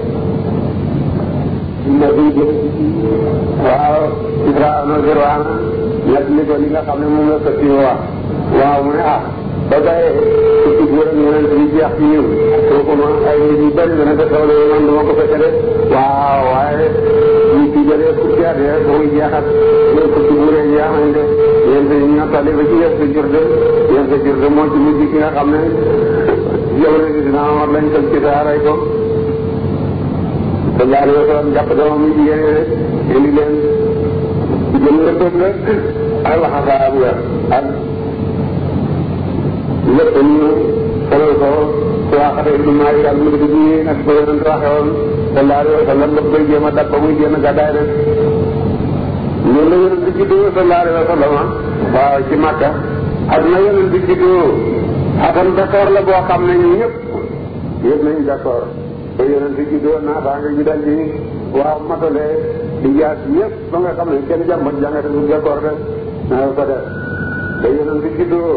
nabi waaw Ibrahima ma gër waa nag li ko li nga xam ne moom la ko ci wax waaw mu ne ah ba tey su ci gërëm yonent bi jeex ci ñëw kooku ma ay ñu bëri dana ko soxla man dama ko fekkale waaw waaye ñu ko ci buuree jeexante yéen sa ñoo tali ba ci yéen sa jur de yéen sa jur de moo ci mujj ki nga xam ne jamono bi dina amat ko ba ñaari yoo doon jàpp doom di yéene indi leen jëm nga tëb la ak laxasa am nga ak lépp ñu solal ko ci waxate ibnu maalik ak mbir bi ak ba yonent waxe woon sallallahu alayhi wa sallam daf koy jéem a dab ba muy génn gàddaay rek noonu la yonent ba yonent bi juddoo naataange bi dal di waaw matale di jaas yëpp ba nga xam ne kenn jàmbat jàngate du dekkoor rek naa ko def ba yonent bi juddoo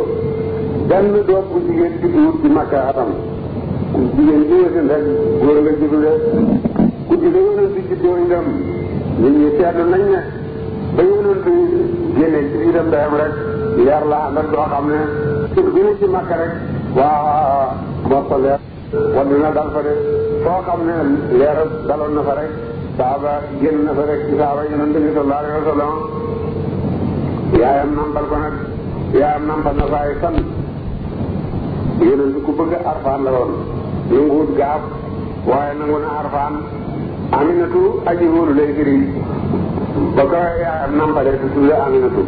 benn doom bu jigéen judduwut ci makka atam jigéen ji wësin rek góor nga juddu de guddi la yonent bi juddoo itam nit ñi seetlu ci itam dayam rek yar la ànd ak xam ne pour gën a ci makka waa moo ko wala dina dal fa de foo xam ne leer daloon na fa rek saaba génn na fa rek ci saaba yonent bi sallallahu alayhi wa sallam yaayam nampal ko nag yaayam nampal na fa ay fan yonent ku bëgg arfaan la woon nanguwut gaab waaye nangu na arfaan aminatu aji wóolu lay firi ba ko yaayam nampalee te tudd aminatu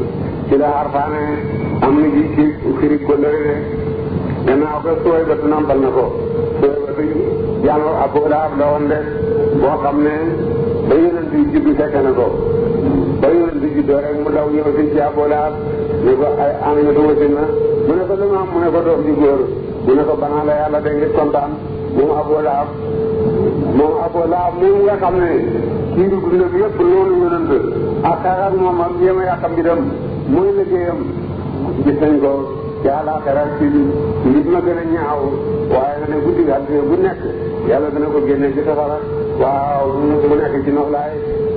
ci la arfaane am na ji ci firi kóllëre gannaaw ko sooy ba tu nampal na ko sooy ba tu yàlla abu lahab la woon de boo xam ne ba yonent yi juddu fekk na ko ba yonent yi juddoo rek mu daw ñëw si ci abu lahab ne ko ay ana ñu duma si na mu ne ko lu ma am mu ne ko doom ju góor mu ne ko banaa la yàlla de ngir kontaan moom abu lahab moom abu lahab moom nga xam ne kii du dund yëpp loolu yonent ak xeex ak moom ak yéema yàqam gi dem mooy liggéeyam gis nañ ko ci àllaaxira ci nit ma gën a ñaaw waaye na ne guddi àdduna bu nekk yàlla dana ko génne ci safara waaw mu nekk ci noflaay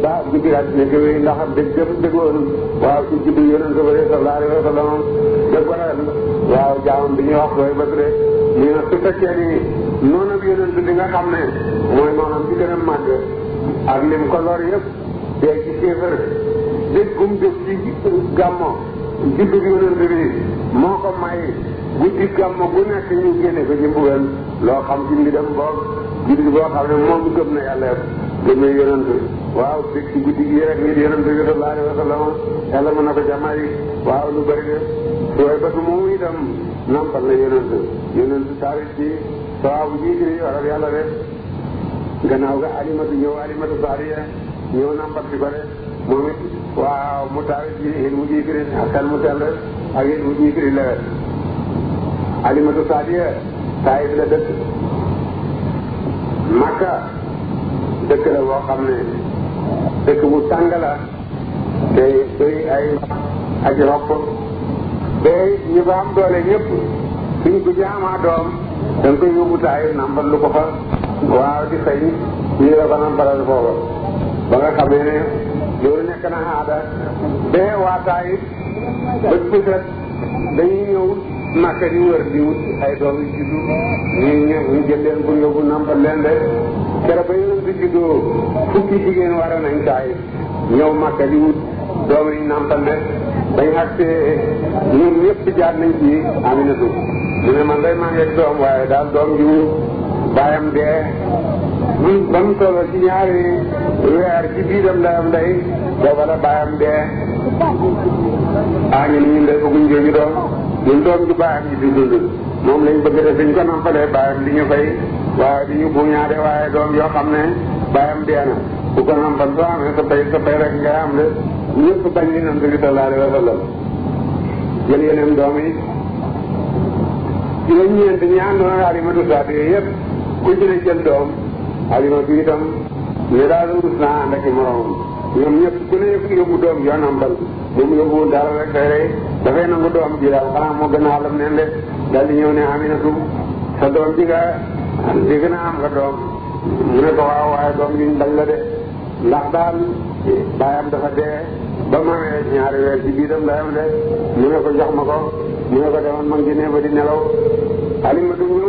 ba guddi àdduna gi wéy ndax dëgg dëggoon waaw ci juddu yonent ba sallallahu alayhi wa sallam dëgg waral waaw jaamam bi ñuy wax koy bëgg ñu ne su fekkee ni noonu ak yonent bi nga xam ne mooy maanaam ci gën a màgg ak lim ko lor yëpp dee ci kéefër dëggum dëgg ci gàmmoo juddu yonent bi moo ko may guddi gàmm gu nekk ñu génne ko ci mbugal loo xam ci mbiram boog guddi boo xam ne moom gëm na yàlla gëm na yonent waaw bég ci guddi gi rek wa yàlla mën na ko jàmmari waaw lu bëri de sooy batu moom itam nampal na yonent yonent tarit ci sawaabu ji ci li waral yàlla de gannaaw ga alimatu ñëw alimatu saariya ñëw nampal ci ko de moom it waaw mu tawee ji yéen mu ji firi askan mu sell ak yéen mu ji firi lewet alimatu saadiya taayif la dëkk makka dëkk la boo xam ne dëkk bu tàng la te day ay ak ropp ba ñi ba am doole ñëpp suñ ko jaamaa doom da koy yóbbu taayif nàmbal lu ko fa waaw di fay ñu la ko nàmbalal foofa ba nga xamee ne loolu nekk na aada ba waa Taayif bët bu set dañuy ñëw Makka di wër di ay doom yu juddu ñu ñëw ñu jël leen bu yóbbu nampal leen de keroog ba yonent bi juddoo fukki jigéen war nañ Taayif ñëw Makka di wut doom yi nampal de bañ agsee ñoom ñëpp jaar nañ ci Aminatu mu ne man day maa ngeeg doom waaye daal doom baayam dee ñun ba mu toll ci ñaari weer ci biiram ndeyam day booba la baayam dee ah ñu ne ñun de foofu ñu jooju doom ñun baayam ji fi moom lañ bëgg def dañ ko nampalee baayam di ñu fay waaye di ñu buñaade waaye doom yo xam ne baayam dee na bu ko nampal soo amee sa pay sa pay rek nga am de ñëpp bañ li nant bi sallallahu alayhi wa sallam jël yeneen doom yi juróom ñeent ñi àndoon ak alimatu saat yooyu yëpp ku ci ne jël doom alima bi itam ñu daal rus naa ànd ak i moromam ñoom ñëpp ku ne yóbbu doom yoonam dal bu mu yóbbu dara rek day rey dafay nangu doom ji daal xanaa moo gën a alam neen de daal di ñëw ne aminatu sa doom ji nga di gën a am nga doom mu ne ko waaw doom yuñ dal la de ndax daal baayam dafa dee mu ne ko jox ma ko mu ne ko demoon ma ngi ne ba di nelaw alimatu ñëw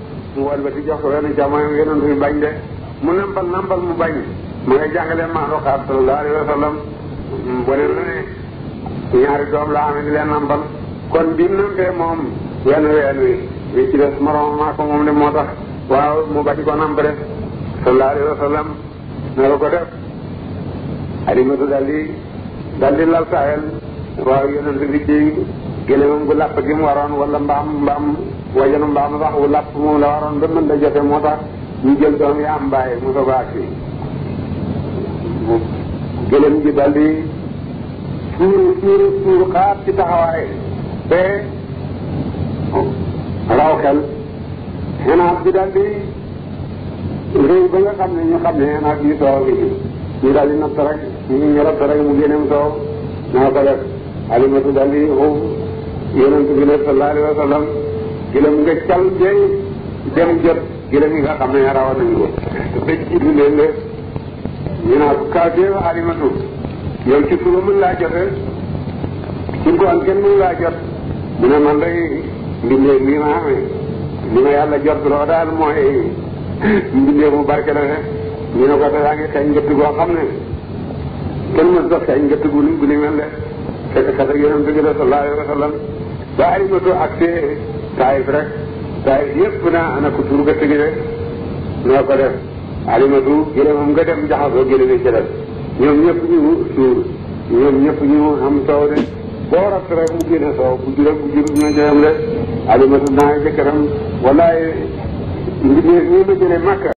mu walbati jox ko benn jamono yonent bi de mu nampal nampal mu bañ mu ngay jàngale maanu xaar sallallahu alayhi wa sallam hmm, boole lu ne ñaari doom la amee di leen kon bi mu nampee moom wenn wi wi ci des moroom maa ko moom de moo tax waaw mu bañ ko namp de sallallahu alayhi wa sallam na la ko def alimatu dal di dal di lal wala mbaam mbaam wajanu mbaam sax wu lapp moom la waroon ba mën da jafe moo tax ñu jël doom yi am bàyyi mu soog a agsi gëlëm ji dal di suuru suuru suuru ci taxawaay te raw xel xenaat bi dal di réew ba nga xam ne ñu xam ne xenaat yi soow bi ñu dal di rek ñu ñu mu génneem naa ko def alimatu dal di bi sallallahu alayhi wa sallam gëlëm nga cal jëy dem jot gëlëm yi nga xam ne rawa nañ ko dañ ci dundee lépp ñu naa ko kaafee alimatu yow ci suba laa jotee ci ngoon kenn mën laa jot mu ne man day mbindee nii ma amee ni ma yàlla jot loo daal mooy mbindee mu barke la rek ñu ko te yaa ngi xeeñ njëtt goo ne kenn mën sa xeeñ ni gu ni mel de fekk xasar yonent bi la sallallahu alayhi wa ak see taayif rek taayif yëpp naa ana ko tur gëstu gi ko def alimatu gëlëmam nga dem jaxasoo gëlëmi ci def ñoom ñëpp ñu suur ñoom ñëpp ñu am soow de boo rat rek mu génne soow bu jurag bu jurug ñoo jëram de alimatu naa jëkkëram wallaay mbindeef ñi ma jële